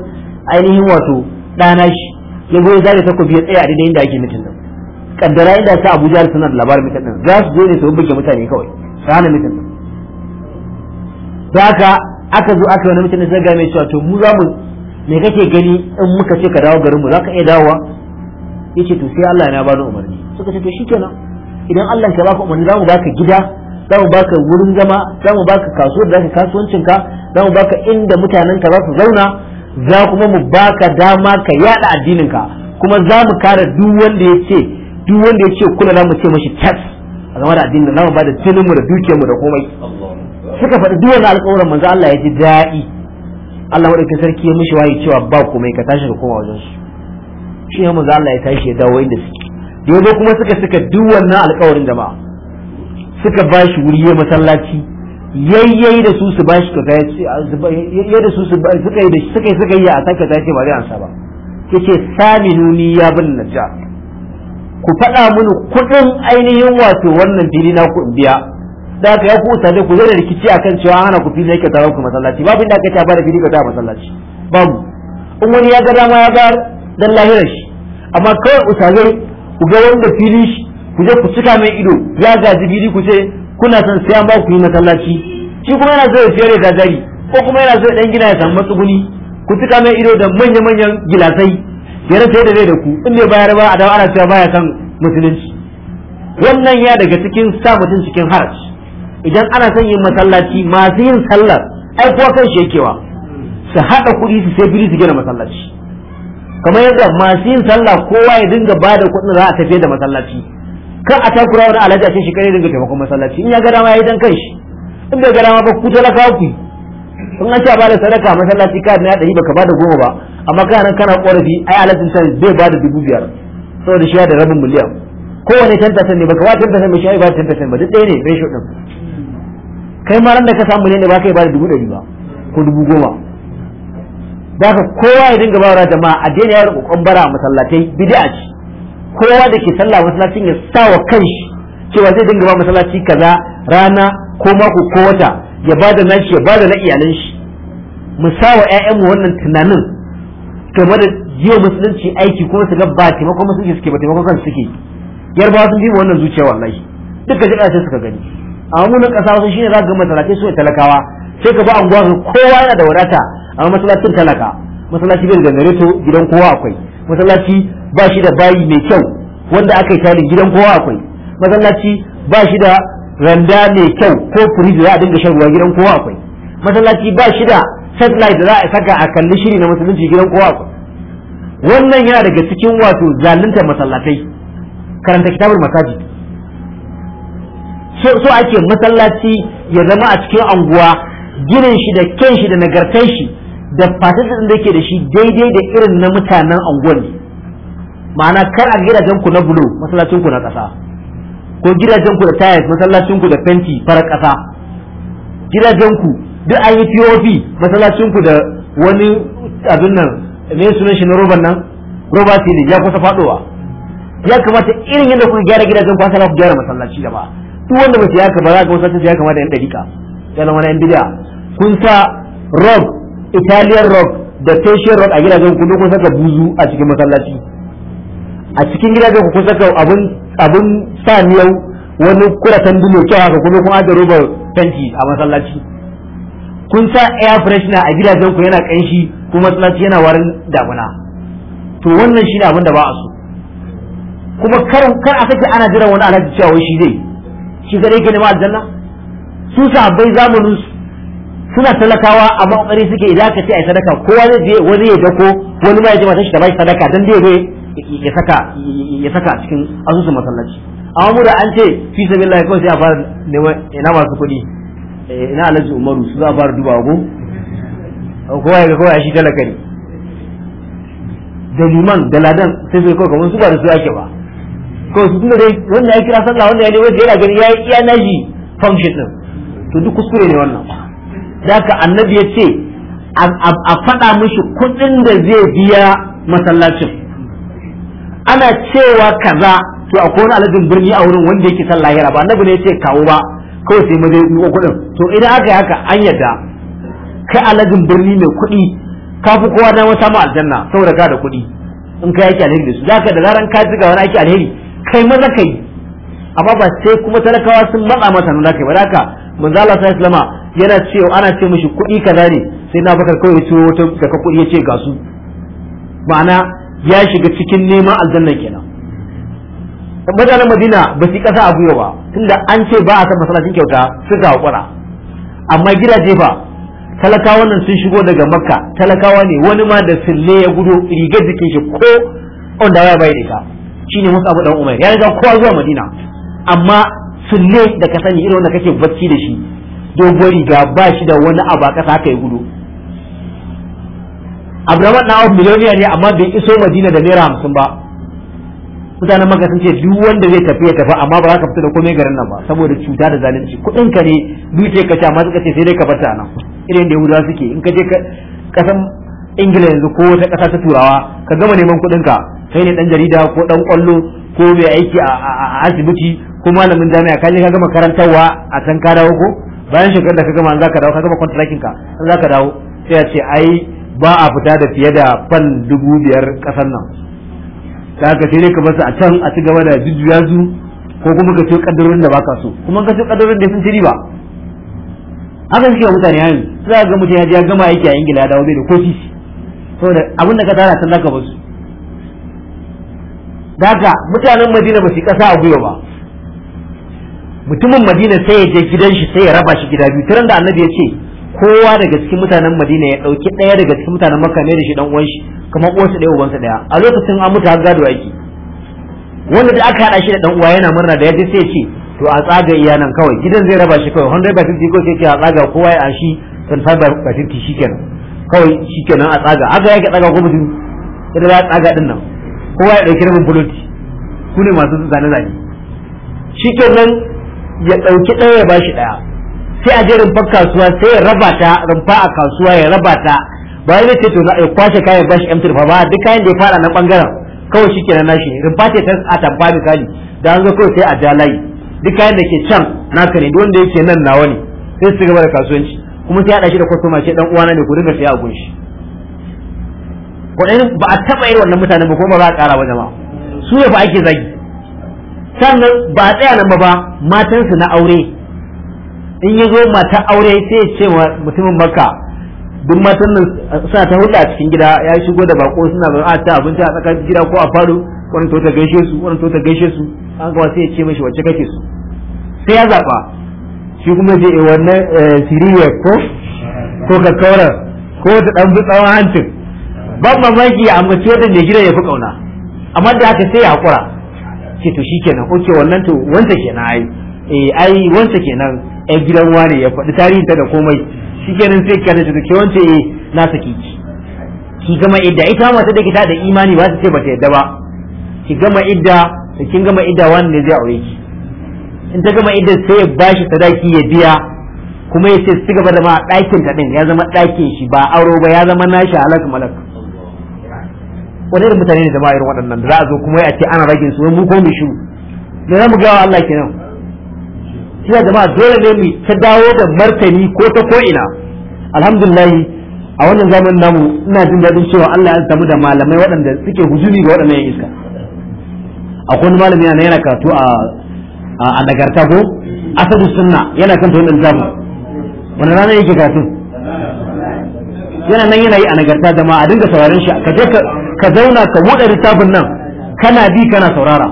ainihin wato dana shi ya zo ta takobi ya tsaya a daidai inda ake mitin nan kaddara inda sa Abuja suna da labarin mitin nan za su je ne su buge mutane kawai sana mitin nan haka aka zo aka yi wani mutane sai ga mai cewa to mu za mu me kake gani in muka ce ka dawo garin mu zaka iya dawowa yace to sai Allah ya ba ni umarni suka ce to shikenan idan Allah ya baka umarni za ba baka gida za ba baka wurin zama za ba baka kasuwar da kasuwancin ka ba baka inda mutanen ka za su zauna za kuma mu baka dama ka yada addinin ka kuma za mu kare duk wanda ya ce duk wanda ya ce kula za mu ce mashi tas a game da addinin za mu ba da jinin mu da dukiyar mu da komai suka faɗi duk wannan alƙawarin manzo Allah ya ji da'i. Allah madaukakin sarki ya mishi wayi cewa ba komai ka tashi ka koma wajen su shi ya manzo Allah ya tashi ya dawo inda suke dole kuma suka suka duk wannan alƙawarin jama'a suka ba shi wuri ya masallaci yayyayi da su su ba shi kaga ya da su su suka yi da suka yi suka yi a sake tashi ba zai ansa ba yace nuni ya bin najja ku faɗa mini kuɗin ainihin wato wannan fili na ku biya da ka ya ku ustaje ku zai rikici akan cewa ana ku fili yake tarar ku masallaci babu inda aka ce ba da fili ka ta masallaci babu in wani ya ga dama ya ga dan lahirar shi amma kawai ustaje ku ga wanda fili shi ku je ku cika mai ido ya ga fili ku ce kuna son sai an ba ku yi masallaci shi kuma yana so ya da dadari ko kuma yana so dan gina ya samu matsuguni ku cika mai ido da manya-manyan gilasai ya rasa yadda zai da ku in bai bayar ba a dawo ana cewa baya kan musulunci wannan ya daga cikin sa mutum cikin haraci idan ana son yin masallaci masu yin sallar ai kuwa kan shekewa su haɗa kuɗi su sai biri su gina masallaci kamar yadda masu yin sallah kowa ya dinga ba da kuɗin za a tafiye da masallaci kan a takura wani alhaji a cikin shekaru dinga taimakon masallaci in ya ga dama ya yi dan kai shi in bai ga dama ba ku talakawa ku in an ce a bada sadaka masallaci ka na ɗari baka ba da goma ba amma kana nan kana ƙorafi ai alhaji sai zai da dubu biyar saboda shi ya da rabin miliyan kowane tantasan ne baka ba tantasan mai ba shi ba tantasan ba duk ɗaya ne ratio din kai ma ran da ka samu ne ba ka yi ba da dubu ɗari ba ko dubu goma da ka kowa ya dinga bawa jama'a a daina yaro bara a masallatai bid'a ce kowa da ke sallah masallacin ya sa wa kanshi cewa zai dinga ba masallaci kaza rana ko mako ko wata ya bada nashi ya bada na iyalan shi mu sa wa mu wannan tunanin game da jiya musulunci aiki kuma su ga ba taimakon musulunci suke ba taimakon kansu suke yarbawa sun bi wannan zuciya wallahi duka jira sai suka gani A mamunan ƙasa wasu shine za ka ga masallatai su talakawa sai ka ba anguwa kowa yana da wadata a masallacin talaka masallaci bai gangare to gidan kowa akwai masallaci ba shi da bayi mai kyau wanda aka yi tali gidan kowa akwai masallaci ba shi da randa mai kyau ko firiji za a dinga shan ruwa gidan kowa akwai masallaci ba shi da satellite da za a saka a kalli shiri na musulunci gidan kowa akwai wannan yana daga cikin wato zalunta masallatai karanta kitabul masajid so ake masallaci ya zama a cikin anguwa ginin shi da ken shi da nagartar shi da fasitin da ke da shi daidai da irin na mutanen anguwan ne ma'ana kar a gidajen ku na bulo masallacin ku na ƙasa ko gidajen ku da tiles masallacin ku da fenti farar ƙasa gidajen ku duk an yi POP masallacin ku da wani abin nan me sunan shi na roban nan roba ne ya kusa faɗowa ya kamata irin yadda kuka gyara gidajen ku haka ku gyara masallaci da ba duk wanda ba su yaka ba za ka wasu ya kamata yan dariƙa yana wani yan bidiya kun sa rock italian rock da persian rock a gidajen ku kun saka buzu a cikin masallaci a cikin gidajen ku kun saka abun abun sa miyau wani kuratan dumo kyau haka kuma kun da robar fenti a masallaci kun sa air freshener a gidajen ku yana kanshi kuma masallaci yana warin damuna to wannan shine abin da ba a so kuma kar a sake ana jiran wani alhaji cewa shi zai shi gare ke nema aljanna su sahabbai zamanin suna talakawa amma makwari suke idan ka ce ai sadaka kowa zai je wani ya dako wani ma ya je matashi da ta bai sadaka dan dai ne ya saka ya saka cikin asusun masallaci amma mu da an ce fi sabilillah kawai sai a fara neman ina masu kuɗi eh, ina alhaji umaru su za a fara duba ko kowa ya ga kowa shi talaka ne da liman da ladan sai zai kawai kamar su ba da su ake ba ko su tunda dai wanda ya kira sallah wanda ya ne wanda yana gani ya yi iya naji function din to duk kuskure ne wannan da ka annabi ya ce a faɗa mishi kuɗin da zai biya masallacin ana cewa kaza to a kowane aladin birni a wurin wanda yake sallah lahira ba annabi ne ya ce kawo ba kawai sai maje yi kuɗin to idan aka yi haka an yadda kai aladin birni mai kuɗi ka fi kowa wata samun aljanna saboda ka da kuɗi in ka yake alheri da su da ka da zaran ka ji ga wani ake alheri kai maza kai amma ba sai kuma talakawa sun matsa masa nuna kai ba haka manzo Allah sallallahu yana cewa ana ce mishi kuɗi kaza ne sai na bakar kawai ya wata daga kuɗi ya ce ga su ma'ana ya shiga cikin neman alzannan kenan mutanen madina ba su kasa a gwiwa ba tunda an ce ba a san masalacin kyauta ga haƙura amma gidaje ba talakawan nan sun shigo daga makka talakawa ne wani ma da sille ya gudu rigar jikin shi ko on da waya bai da shine abu dan umar ya riga kowa zuwa Madina amma sulle da ka sani irin wanda kake bacci da shi dogon riga ba shi da wani abu a ƙasa haka ya gudu Abdurrahman na miliyoniya ne amma bai iso Madina da naira hamsin ba mutanen maka sun ce duk wanda zai tafi ya tafi amma ba za ka fita da komai garin nan ba saboda cuta da zalunci kuɗin ka ne duk ce ka ci amma suka ce sai dai ka bar nan irin da Yahudawa suke in ka je ka kasan ingila yanzu ko wata ƙasa ta turawa ka gama neman kuɗinka kai ne ɗan jarida ko ɗan ƙwallo ko mai aiki a asibiti ko malamin jami'a ka ka gama karantarwa a can ka dawo ko bayan shekarar da ka gama za ka dawo ka gama contracting ka za ka dawo sai a ce ai ba a fita da fiye da fan dubu biyar ƙasar nan ta haka sai dai ka basu a can a ci gaba da jujjuya su ko kuma ka ce ƙaddarorin da baka so kuma ka ce ƙaddarorin da sun ci riba haka suke wa mutane yanzu za ka ga mutum ya ya gama aiki a ingila ya dawo bai da ko sisi saboda abin da ka tara tun zaka basu daga mutanen madina ba su kasa a gwiwa ba mutumin madina sai ya je gidan shi sai ya raba shi gida biyu turan da annabi ya ce kowa daga cikin mutanen madina ya dauki daya daga cikin mutanen makka ne da shi dan uwan shi kamar uwarsa daya sa daya a lokacin an mutu har gado aiki wanda da aka hada shi da dan uwa yana murna da ya je sai ya ce to a tsaga iya nan kawai gidan zai raba shi kawai 150 ko sai ce a tsaga kowa ya ashi 25 by 50 shikenan kawai shikenan a tsaga aka yake tsaga ko mutum ba a tsaga din nan kowa ya ɗauki rabin buloti su ne masu zane zane shikenan ya ɗauki ɗaya ya bashi ɗaya sai a je rumfar kasuwa sai ya raba ta rumfa a kasuwa ya raba ta bayan ya ce to ya kwashe kayan bashi emtir fa ba duk kayan da ya fara na ɓangaren kawai shikenan nashi ne rumfa ce ta a tamfa misali da an zo kawai sai a ja layi duk kayan da ke can naka ne duk wanda yake nan nawa ne sai su gaba da kasuwanci kuma sai haɗa shi da kwastoma ce dan uwana ne ku dinga saya a gunshi waɗannan ba a taɓa yi wannan mutanen ba kuma za a ƙara ba jama'a su ne ba ake zagi sannan ba a tsaya nan ba ba matansu na aure in ya zo mata aure sai ya ce mutumin makka duk matan nan suna ta hulɗa a cikin gida ya shigo da bako suna ba a ta abinci a tsakanin gida ko a falo wani to ta gaishe su wani to ta gaishe su an gawa sai ya ce mashi wacce kake su sai ya zaɓa shi kuma je wannan eh, siriyar ko ko kakkaurar ko ta dan bi tsawon hancin ban mamaki a ambaci wanda ne gidan ya fi kauna amma da haka sai ya hakura ce to shikenan ke wannan to ke kenan ai eh ai ke kenan ai gidan wani ya faɗi tarihin ta da komai shikenan sai ka da ke wanda eh na saki ki ki gama idda ita mata da kita da imani ba ta ce ba ta yadda ba ki gama idda kin gama idda wani ne zai aure ki in ta gama idan sai ya bashi sadaki ya biya kuma ya ce su gaba da ma ɗakin ta ɗin ya zama ɗakin shi ba auro ba ya zama nashi halak malak wani irin mutane ne da irin waɗannan da za a zo kuma ya ce ana ragin su mu ko mu shiru me za mu gawa Allah kenan shi ya jama'a dole ne mu ta dawo da martani ko ta ko'ina. ina alhamdulillah a wannan zamanin namu ina jin daɗin cewa Allah ya samu da malamai waɗanda suke hujumi ga waɗannan iska akwai wani malami yana karatu a a nagarta ko asadu sunna yana kan tayin tabu wani rana yake karatu yana nan yana yi a nagarta da ma a dinga sauraron shi ka je ka zauna ka buɗe littafin nan kana bi kana saurara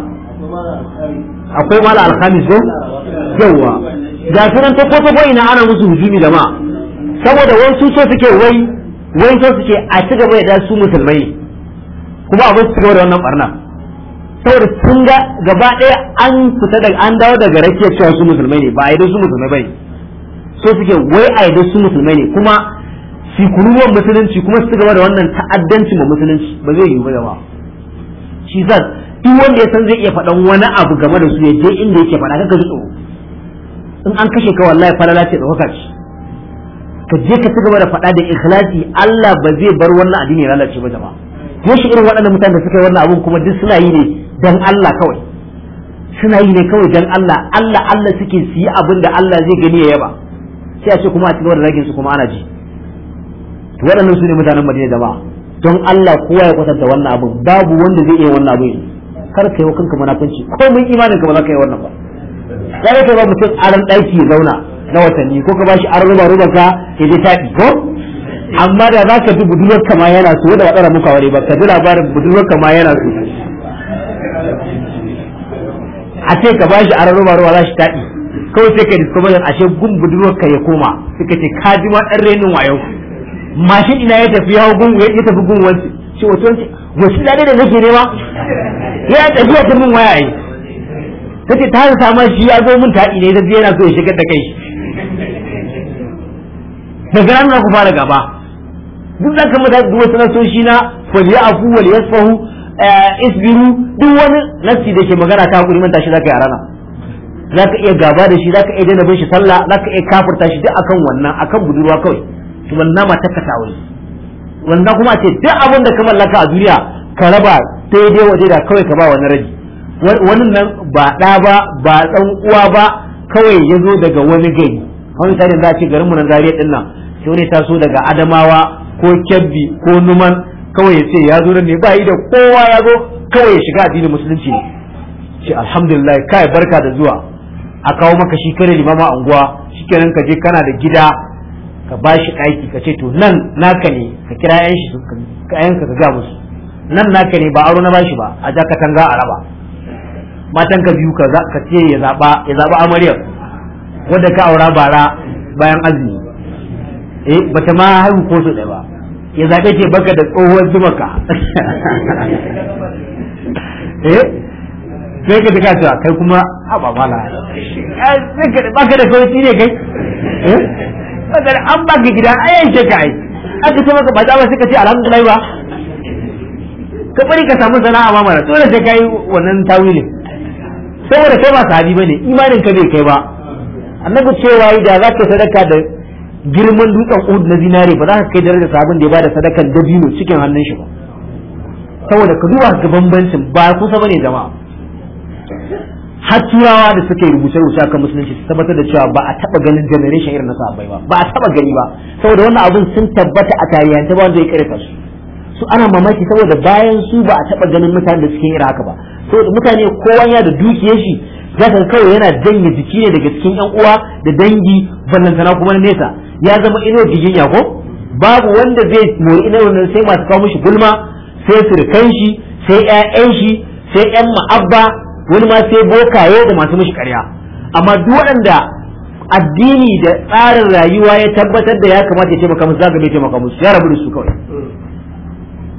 akwai mala alhamis ko yawa ga sunan ta ko ta ina ana musu hujumi da ma saboda wasu so suke wai wani so suke a ci gaba da su musulmai kuma abin su ci da wannan barna saboda sun ga gaba ɗaya an fita daga an dawo daga rakiya cewa su musulmai ne ba a yadda su musulmai ne so suke wai a yadda su musulmai ne kuma su kuruwan musulunci kuma su gaba da wannan ta'addanci ma musulunci ba zai yiwu ba jama'a shi zan duk wanda ya san zai iya faɗan wani abu game da su ya je inda yake faɗa kaka ji in an kashe ka wallahi falala ce ɗaukaka ci ka je ka ci gaba da faɗa da ikhlasi Allah ba zai bar wannan addini ya lalace ba jama'a ko shi irin waɗannan mutanen da suka yi wannan abun kuma duk suna yi ne dan Allah kawai suna yi ne kawai dan Allah Allah Allah suke su yi abin da Allah zai gani ya yaba sai a ce kuma a cikin ragin su kuma ana ji to waɗannan su ne mutanen Madina jama'a don Allah kowa ya kwatanta wannan abin babu wanda zai iya wannan abin kar ka yi wa kanka munafunci mun imanin ka ba za ka yi wannan ba kare ka ba mutum aran ɗaki ya zauna na watanni ko ka bashi aran ruba ruba ka ya je taɗi ko amma da za ka bi budurwar kama yana so da waɗara muka ware ba ka ji labarin budurwar kama yana so a ce ka bashi aran roba roba za shi taɗi kawai sai ka discover ashe gun budurwar ka ya koma suka ce ka ji ma ɗan renin wayo mashin ina ya tafi yawo gun ya tafi gun wanci ce wato wanci wasu zane da nake nema ya tafi ya mun waya yi ta ce ta sama shi ya zo mun taɗi ne zai yana so ya shigar da kai daga nan na ku fara gaba duk zan kama da wasu nasoshi na faliya afu ya tsohu. Eh, isbiru duk wani nassi da ke magana ta hakuri manta shi zaka yi a rana zaka iya gaba da shi zaka iya daina bin shi sallah zaka iya kafirta shi duk akan wannan akan budurwa kawai wannan ma ta wuri wannan kuma ce duk abin da ka mallaka a duniya ka raba daidai waje da kawai ka ba wani raji wani nan ba ɗa ba ba ɗan uwa ba kawai ya zo daga wani gari kawai tare za a ce garinmu na zariya ɗin nan sai wani taso daga adamawa ko kebbi ko numan kawai ya ce ya zo nan ne ba yi da kowa ya zo kawai ya shiga addinin musulunci ne ce alhamdulillah kai barka da zuwa a kawo maka shi kare limama anguwa shikenan ka je kana da gida ka ba shi ɗaki ka ce to nan naka ne ka kira yan shi ka yan ka ga musu nan naka ne ba aro na bashi ba a ja katanga a raba matan ka biyu ka ce ya zaba ya zaba amaryar wadda ka aura bara bayan azumi eh bata ma haihu ko su ɗaya ba ya zaɓe ke baka da tsohuwar zumaka eh sai ka tuka cewa kai kuma haɓa mala baka da kawai ne kai eh an baka gida ayan shaka ai aka ce maka ba ta ba ce alhamdulillah ba ka bari ka samu sana'a ma mara dole sai kai wannan tawilin saboda kai ba sahabi bane imanin ka bai kai ba annabi cewa da ka sadaka da girman dutsen Uhud na zinare ba za ka kai darajar sabon da ya bada sadakan dabino cikin hannun shi ba saboda ka duba ga bambancin ba kusa bane jama'a har turawa da suka yi rubuce rubuce akan musulunci su tabbatar da cewa ba a taba ganin generation irin na sahabbai ba ba a taba gani ba saboda wannan abun sun tabbata a tarihi ta ba wanda ya karanta su su ana mamaki saboda bayan su ba a taba ganin mutanen da suke irin haka ba saboda mutane kowa ya da dukiyar shi ya san kawai yana janye jiki ne daga cikin yan uwa da dangi ballantana kuma na nesa ya zama ino jigin ya ko babu wanda zai mori ina wannan sai masu kawo mishi gulma sai surkan shi sai ƴaƴan shi sai ƴan ma'abba wani ma sai bokaye da masu mishi ƙarya amma duk waɗanda addini da tsarin rayuwa ya tabbatar da ya kamata ya taimaka musu za ka bai taimaka musu ya rabu da su kawai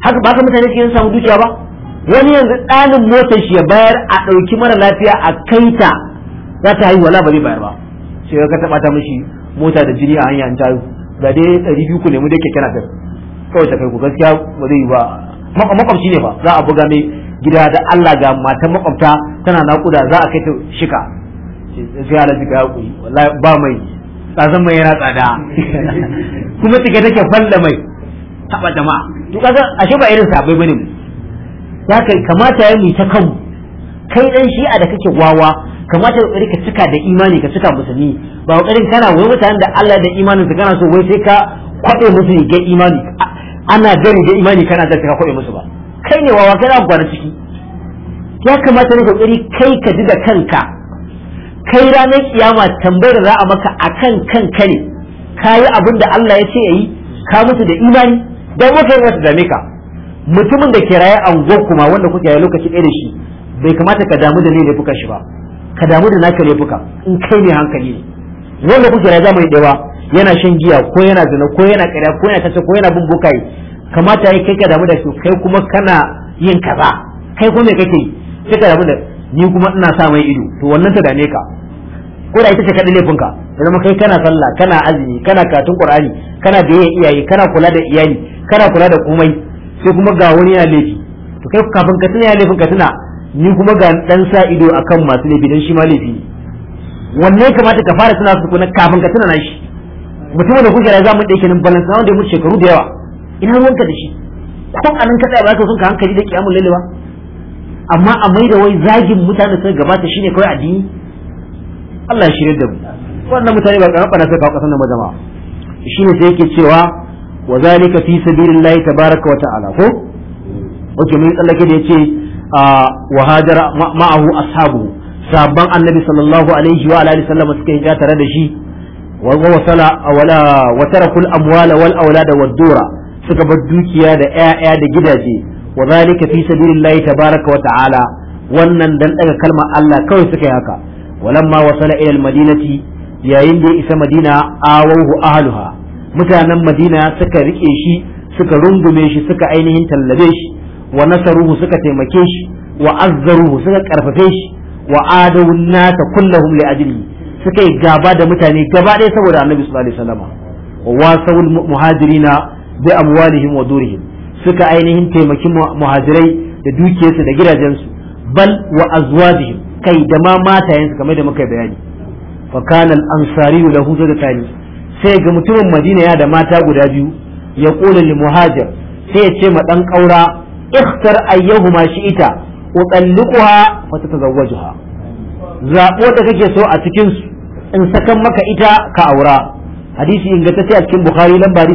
haka ba ka mutane cikin samu dukiya ba wani yanzu ɗanin motar shi ya bayar a ɗauki mara lafiya a kai ta, za ta haihu wala ba zai bayar ba sai ka taɓa ta mishi mota da jini a hanya an ta haihu ga dai ɗari biyu ku nemi dai keke napep kawai ta kai ku gaskiya ba zai yi ba makwabci ne ba za a buga mai gida da Allah ga matan makwabta tana naƙuda za a kai ta shika sai ala jika ya kuyi ba mai tsazan mai yana tsada kuma tike take falla mai taɓa jama'a to kaga ashe ba irin sabai bane mu za ka kamata ya mu ta kai dan shi'a da kake wawa kamata ka ka cika da imani ka cika musulmi ba kokarin kana wai mutanen da Allah da imanin su kana so wai sai ka kwabe musu ga imani ana gani ga imani kana da ka kwabe musu ba kai ne wawa kai za gwada ciki ya kamata ne kokari kai ka ji da kanka kai ranar kiyama tambayar za a maka akan kanka ne kayi abin da Allah ya ce yayi ka mutu da imani dan maka yana da dame ka mutumin da ke raye anguwar kuma wanda kuke yi lokaci ɗaya da shi bai kamata ka damu da ne da shi ba ka damu da naka ne fuka in kai ne hankali ne wanda kuke raye zamani ɗaya ba yana shan giya ko yana zina ko yana ƙarya ko yana tace ko yana bin bukai kamata ya kai ka damu da shi kai kuma kana yin kaza kai kuma me kake yi sai ka damu da ni kuma ina sa mai ido to wannan ta dame ka ko da ita ce kaɗai laifinka da zama kai kana sallah kana azumi kana katun qur'ani kana biyayya iyaye kana kula da iyali kana kula da komai sai kuma ga wani ya laifi to kai kafin ka tuna ya laifin ka tuna ni kuma ga dan sa ido akan masu laifi dan shi ma laifi wanne kamata ka fara tuna su kuma kafin ka tuna shi mutum da kuke za mu dake nan balance na wanda mu shekaru da yawa ina wanka da shi ko anan ka tsaya ba ka son ka hankali da kiyamul lailawa ba amma a mai da wai zagin mutane suka gabata shine kawai addini Allah ya shirye da mu wannan mutane ba karan na sai kawo kasan nan ba jama'a shine sai yake cewa wa zalika fi sabilillahi tabaraka wa ta'ala ko okay tsallake da yace wa hajara ma'ahu ashabu sabon annabi sallallahu alaihi wa alihi sallama suka hijira tare da shi wa wasala wala wa tarakul amwala wal aulada wad dura suka bar dukiya da 'ya'ya da gidaje wa zalika fi sabilillahi tabaraka wa ta'ala wannan dan daga kalmar Allah kawai suka yi haka walamma wasala ila al-madinati yayin da ya isa madina awahu ahluha mutanen madina suka rike shi suka rungume shi suka ainihin tallabe shi wa nasaruhu suka taimake shi wa azzaruhu suka karfafe shi wa adawu nasa kullahum li ajli suka yi gaba da mutane gaba ɗaya saboda annabi sallallahu alaihi wasallam wa wasawul muhajirina bi amwalihim wa durihim suka ainihin taimaki muhajirai da dukiyarsu da gidajensu bal wa azwajihim kai da ma matayensu kamar da muka bayani fa kana al-ansari lahu zagatani sai ga mutumin madina ya da mata guda biyu ya kula lil muhajir sai ya ce ma dan kaura ikhtar ayyuhuma shi'ita utalliquha fa tatazawwajuha zabo da kake so a cikin su in sakan maka ita ka aura hadisi ingantacce a cikin bukhari da ɗaya.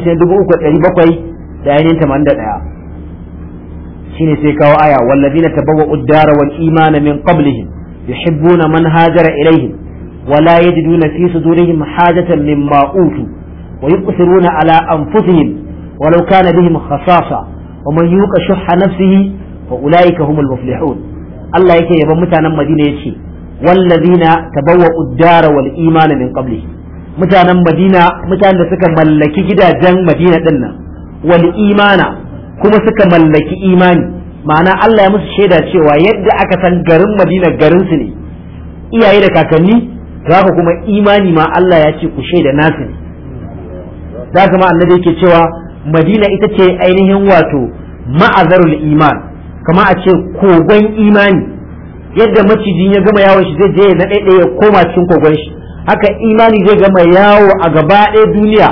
Shi shine sai kawo aya wallazina tabawwa'u ad-dara wal imana min qablihim yuhibbuna man hajara ilaihim ولا يجدون في صدورهم حاجة مما أوتوا ويقصرون على أنفسهم ولو كان بهم خصاصة ومن يوق شح نفسه فأولئك هم المفلحون الله يكي يبا متانا مدينة يكي والذين تبوأوا الدار والإيمان من قبله متانا مدينة متانا سكا ملكي جدا جن مدينة دنا والإيمان كما سكا ملكي إيماني ma'ana Allah ya musu shaida cewa yadda aka san garin Madina garin su ne iyaye da kakanni Zaka kuma imani ma Allah ya ce ku shaida nasu za kuma annabi yake cewa madina ita ce ainihin wato ma'azarul iman kama a ce kogon imani yadda macijin ya gama yawon shi zai je na ɗaiɗaya ya koma cikin kogon shi haka imani zai gama yawo a gaba ɗaya duniya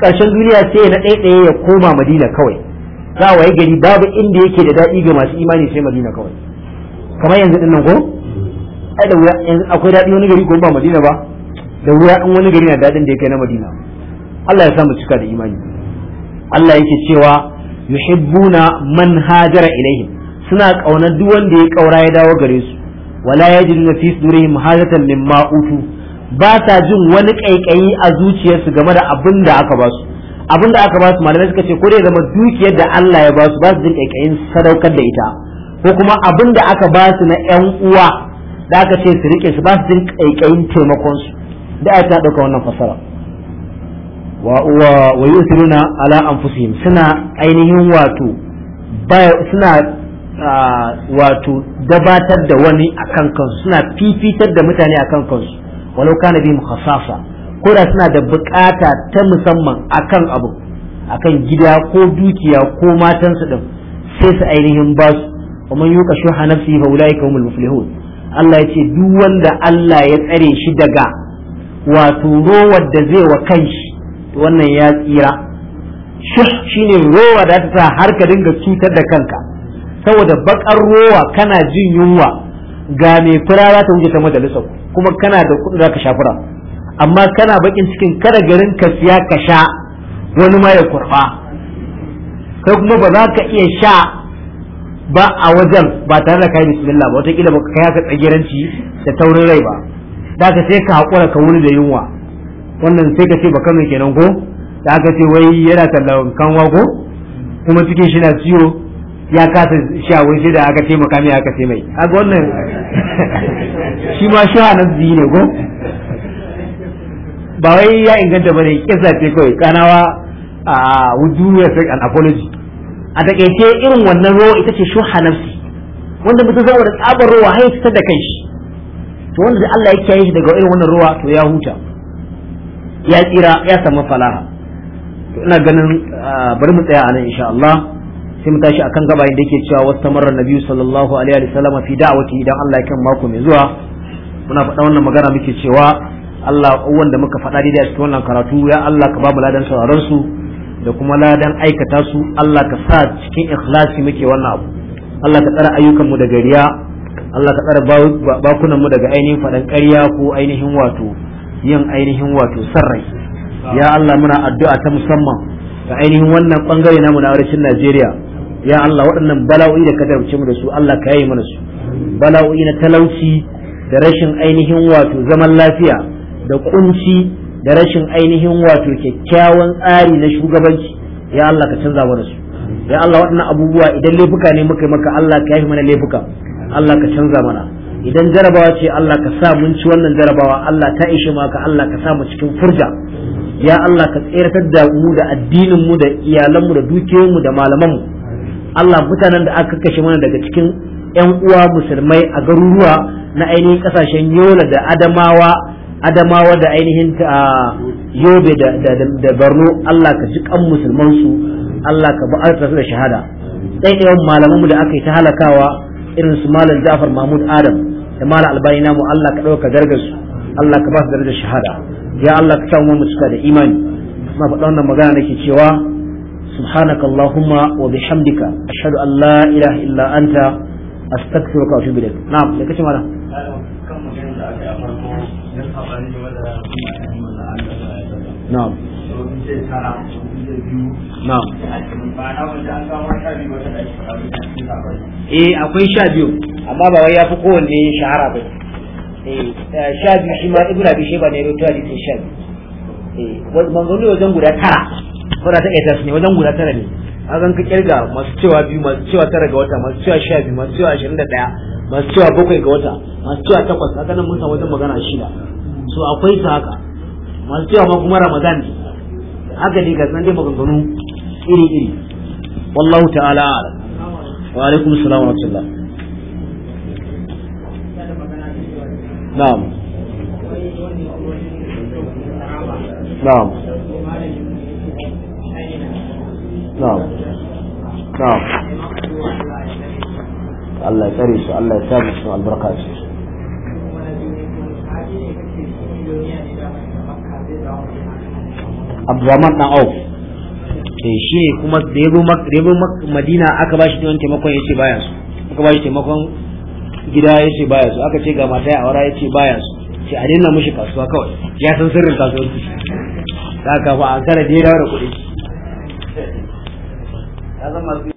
ƙarshen duniya sai na ɗaiɗaya ya koma madina kawai za a waye gari babu inda yake da daɗi ga masu imani sai madina kawai kamar yanzu ɗin nan ai da wuya in akwai daɗi wani gari ko ba madina ba da wuya in wani gari na daɗin da ya kai na madina Allah ya sa mu cika da imani Allah yake cewa yuhibbuna man hajara ilaihim suna ƙaunar duk wanda ya kaura ya dawo gare su wala yajiduna fi sudurihim hajatan mimma utu ba sa jin wani kaikayi a zuciyarsu game da abin da aka ba su abin da aka ba su malamai suka ce ko dai zama dukiyar da Allah ya ba su ba su jin ƙaiƙayin sadaukar da ita ko kuma abin da aka ba su na 'yan uwa da aka ce su rike su ba su jin kaikayin taimakon su da aka ta dauka wannan fasara wa wa wa yusiruna ala anfusihim suna ainihin wato suna wato gabatar da wani akan kansu suna fifitar da mutane akan kansu walau kana bi mukhassasa ko da suna da bukata ta musamman akan abu akan gida ko dukiya ko matansu din sai su ainihin ba su kuma yuka shuha nafsi fa ulaika humul muflihun Allah ya ce duk wanda Allah ya tsare shi daga wato rowar da zai wa kanshi to wannan ya tsira shi shine rowa da ta sa har ka dinga cutar da kanka saboda bakar rowa kana jin yunwa ga mai fura za ta wuce ta majalisa kuma kana da kuɗi za ka sha amma kana bakin cikin kada garin ka siya ka sha wani ma ya kurba kai kuma ba za ka iya sha ba a wajen ba tare da kai bismillah ba wataƙila ba kai haka tsagiranci da taurin rai ba da ka sai ka haƙura ka wuni da yunwa wannan sai ka ce ba kano kenan ko da aka ce wai yana tallawan kanwa ko kuma cikin shi na ciwo ya kasa sha wai sai da aka ce makami aka ce mai a wannan shi ma sha nan ziyi ne ko ba wai ya inganta bane kisa ce kawai kanawa a wudu ya sai an apology a takaice irin wannan ruwa ita ce shuha nafsi wanda mutum da tsabar rawa har fitar da kai shi to wanda da Allah ya kiyaye shi daga irin wannan ruwa to ya huta ya tsira ya samu falaha to ina ganin bari mu tsaya nan insha Allah sai mu tashi akan gaba inda yake cewa wasu tamarra nabiyyu sallallahu alaihi wa sallam fi da'wati idan Allah ya kan mako mai zuwa muna faɗa wannan magana muke cewa Allah wanda muka faɗa daidai a cikin wannan karatu ya Allah ka ba mu ladan sauraron su da kuma ladan aikata su Allah ka sa cikin ikhlasi muke wannan abu Allah ka tsara ayyukan mu daga riya Allah ka tsara bakunan mu daga ainihin faɗan ƙarya ko ainihin wato yin ainihin wato sarrai ya Allah muna addu'a ta musamman ga ainihin wannan bangare namu na munawarcin Najeriya ya Allah waɗannan bala'o'i da ka tarbice mu da su Allah ka yi mana su bala'o'i na talauci da rashin ainihin wato zaman lafiya da kunci da rashin ainihin wato kyakkyawan tsari na shugabanci ya Allah ka canza mana su ya Allah waɗannan abubuwa idan laifuka ne muka maka Allah ka yafi mana laifuka Allah ka canza mana idan jarabawa ce Allah ka sa mun ci wannan jarabawa Allah ta ishe maka Allah ka sa mu cikin furja ya Allah ka tseratar da mu da addinin mu da iyalan mu da dukiyoyin mu da malaman mu Allah mutanen da aka kashe mana daga cikin ƴan uwa musulmai a garuruwa na ainihin kasashen Yola da Adamawa adamawa da ainihin yobe da Barno Allah ka ji kan musulmansu Allah ka ba su da shahada ɗayan malamanmu da aka yi ta halakawa irin su malam jafar mahmud adam da malam albani namu Allah ka ɗauka gargasu Allah ka ba su darajar shahada ya Allah ka samu mu suka da imani na faɗa wannan magana nake cewa subhanakallahumma wa bihamdika ashhadu an la ilaha illa anta astaghfiruka wa atubu ilaik na'am da kace malam na'am na'am eh, akwai sha biyu amma ba shahara eh, eh, sha biyu shi ma ne sha biyu guda tara ne a masu cewa biyu masu cewa tara ga wata masu cewa sha biyu masu cewa ashirin da masu cewa bakwai ga wata so akwai su haka masu cewa ma kuma ramadan ne haka ne ga dai maganganu iri iri wallahu ta'ala ala wa alaikum assalam wa rahmatullah na'am na'am na'am na'am Allah ya tsare su Allah ya tsare su albarka su Abdurrahman dan Auf eh, shi ne kuma da ya zo Madina aka ba shi taimakon ya ce baya su aka ba shi taimakon gida ya ce baya su aka ce ga mata ya aura ya ce baya su ce a daina mushi kasuwa kawai ya san sirrin kasuwanci ta kafa a kara da ya dawo da kuɗi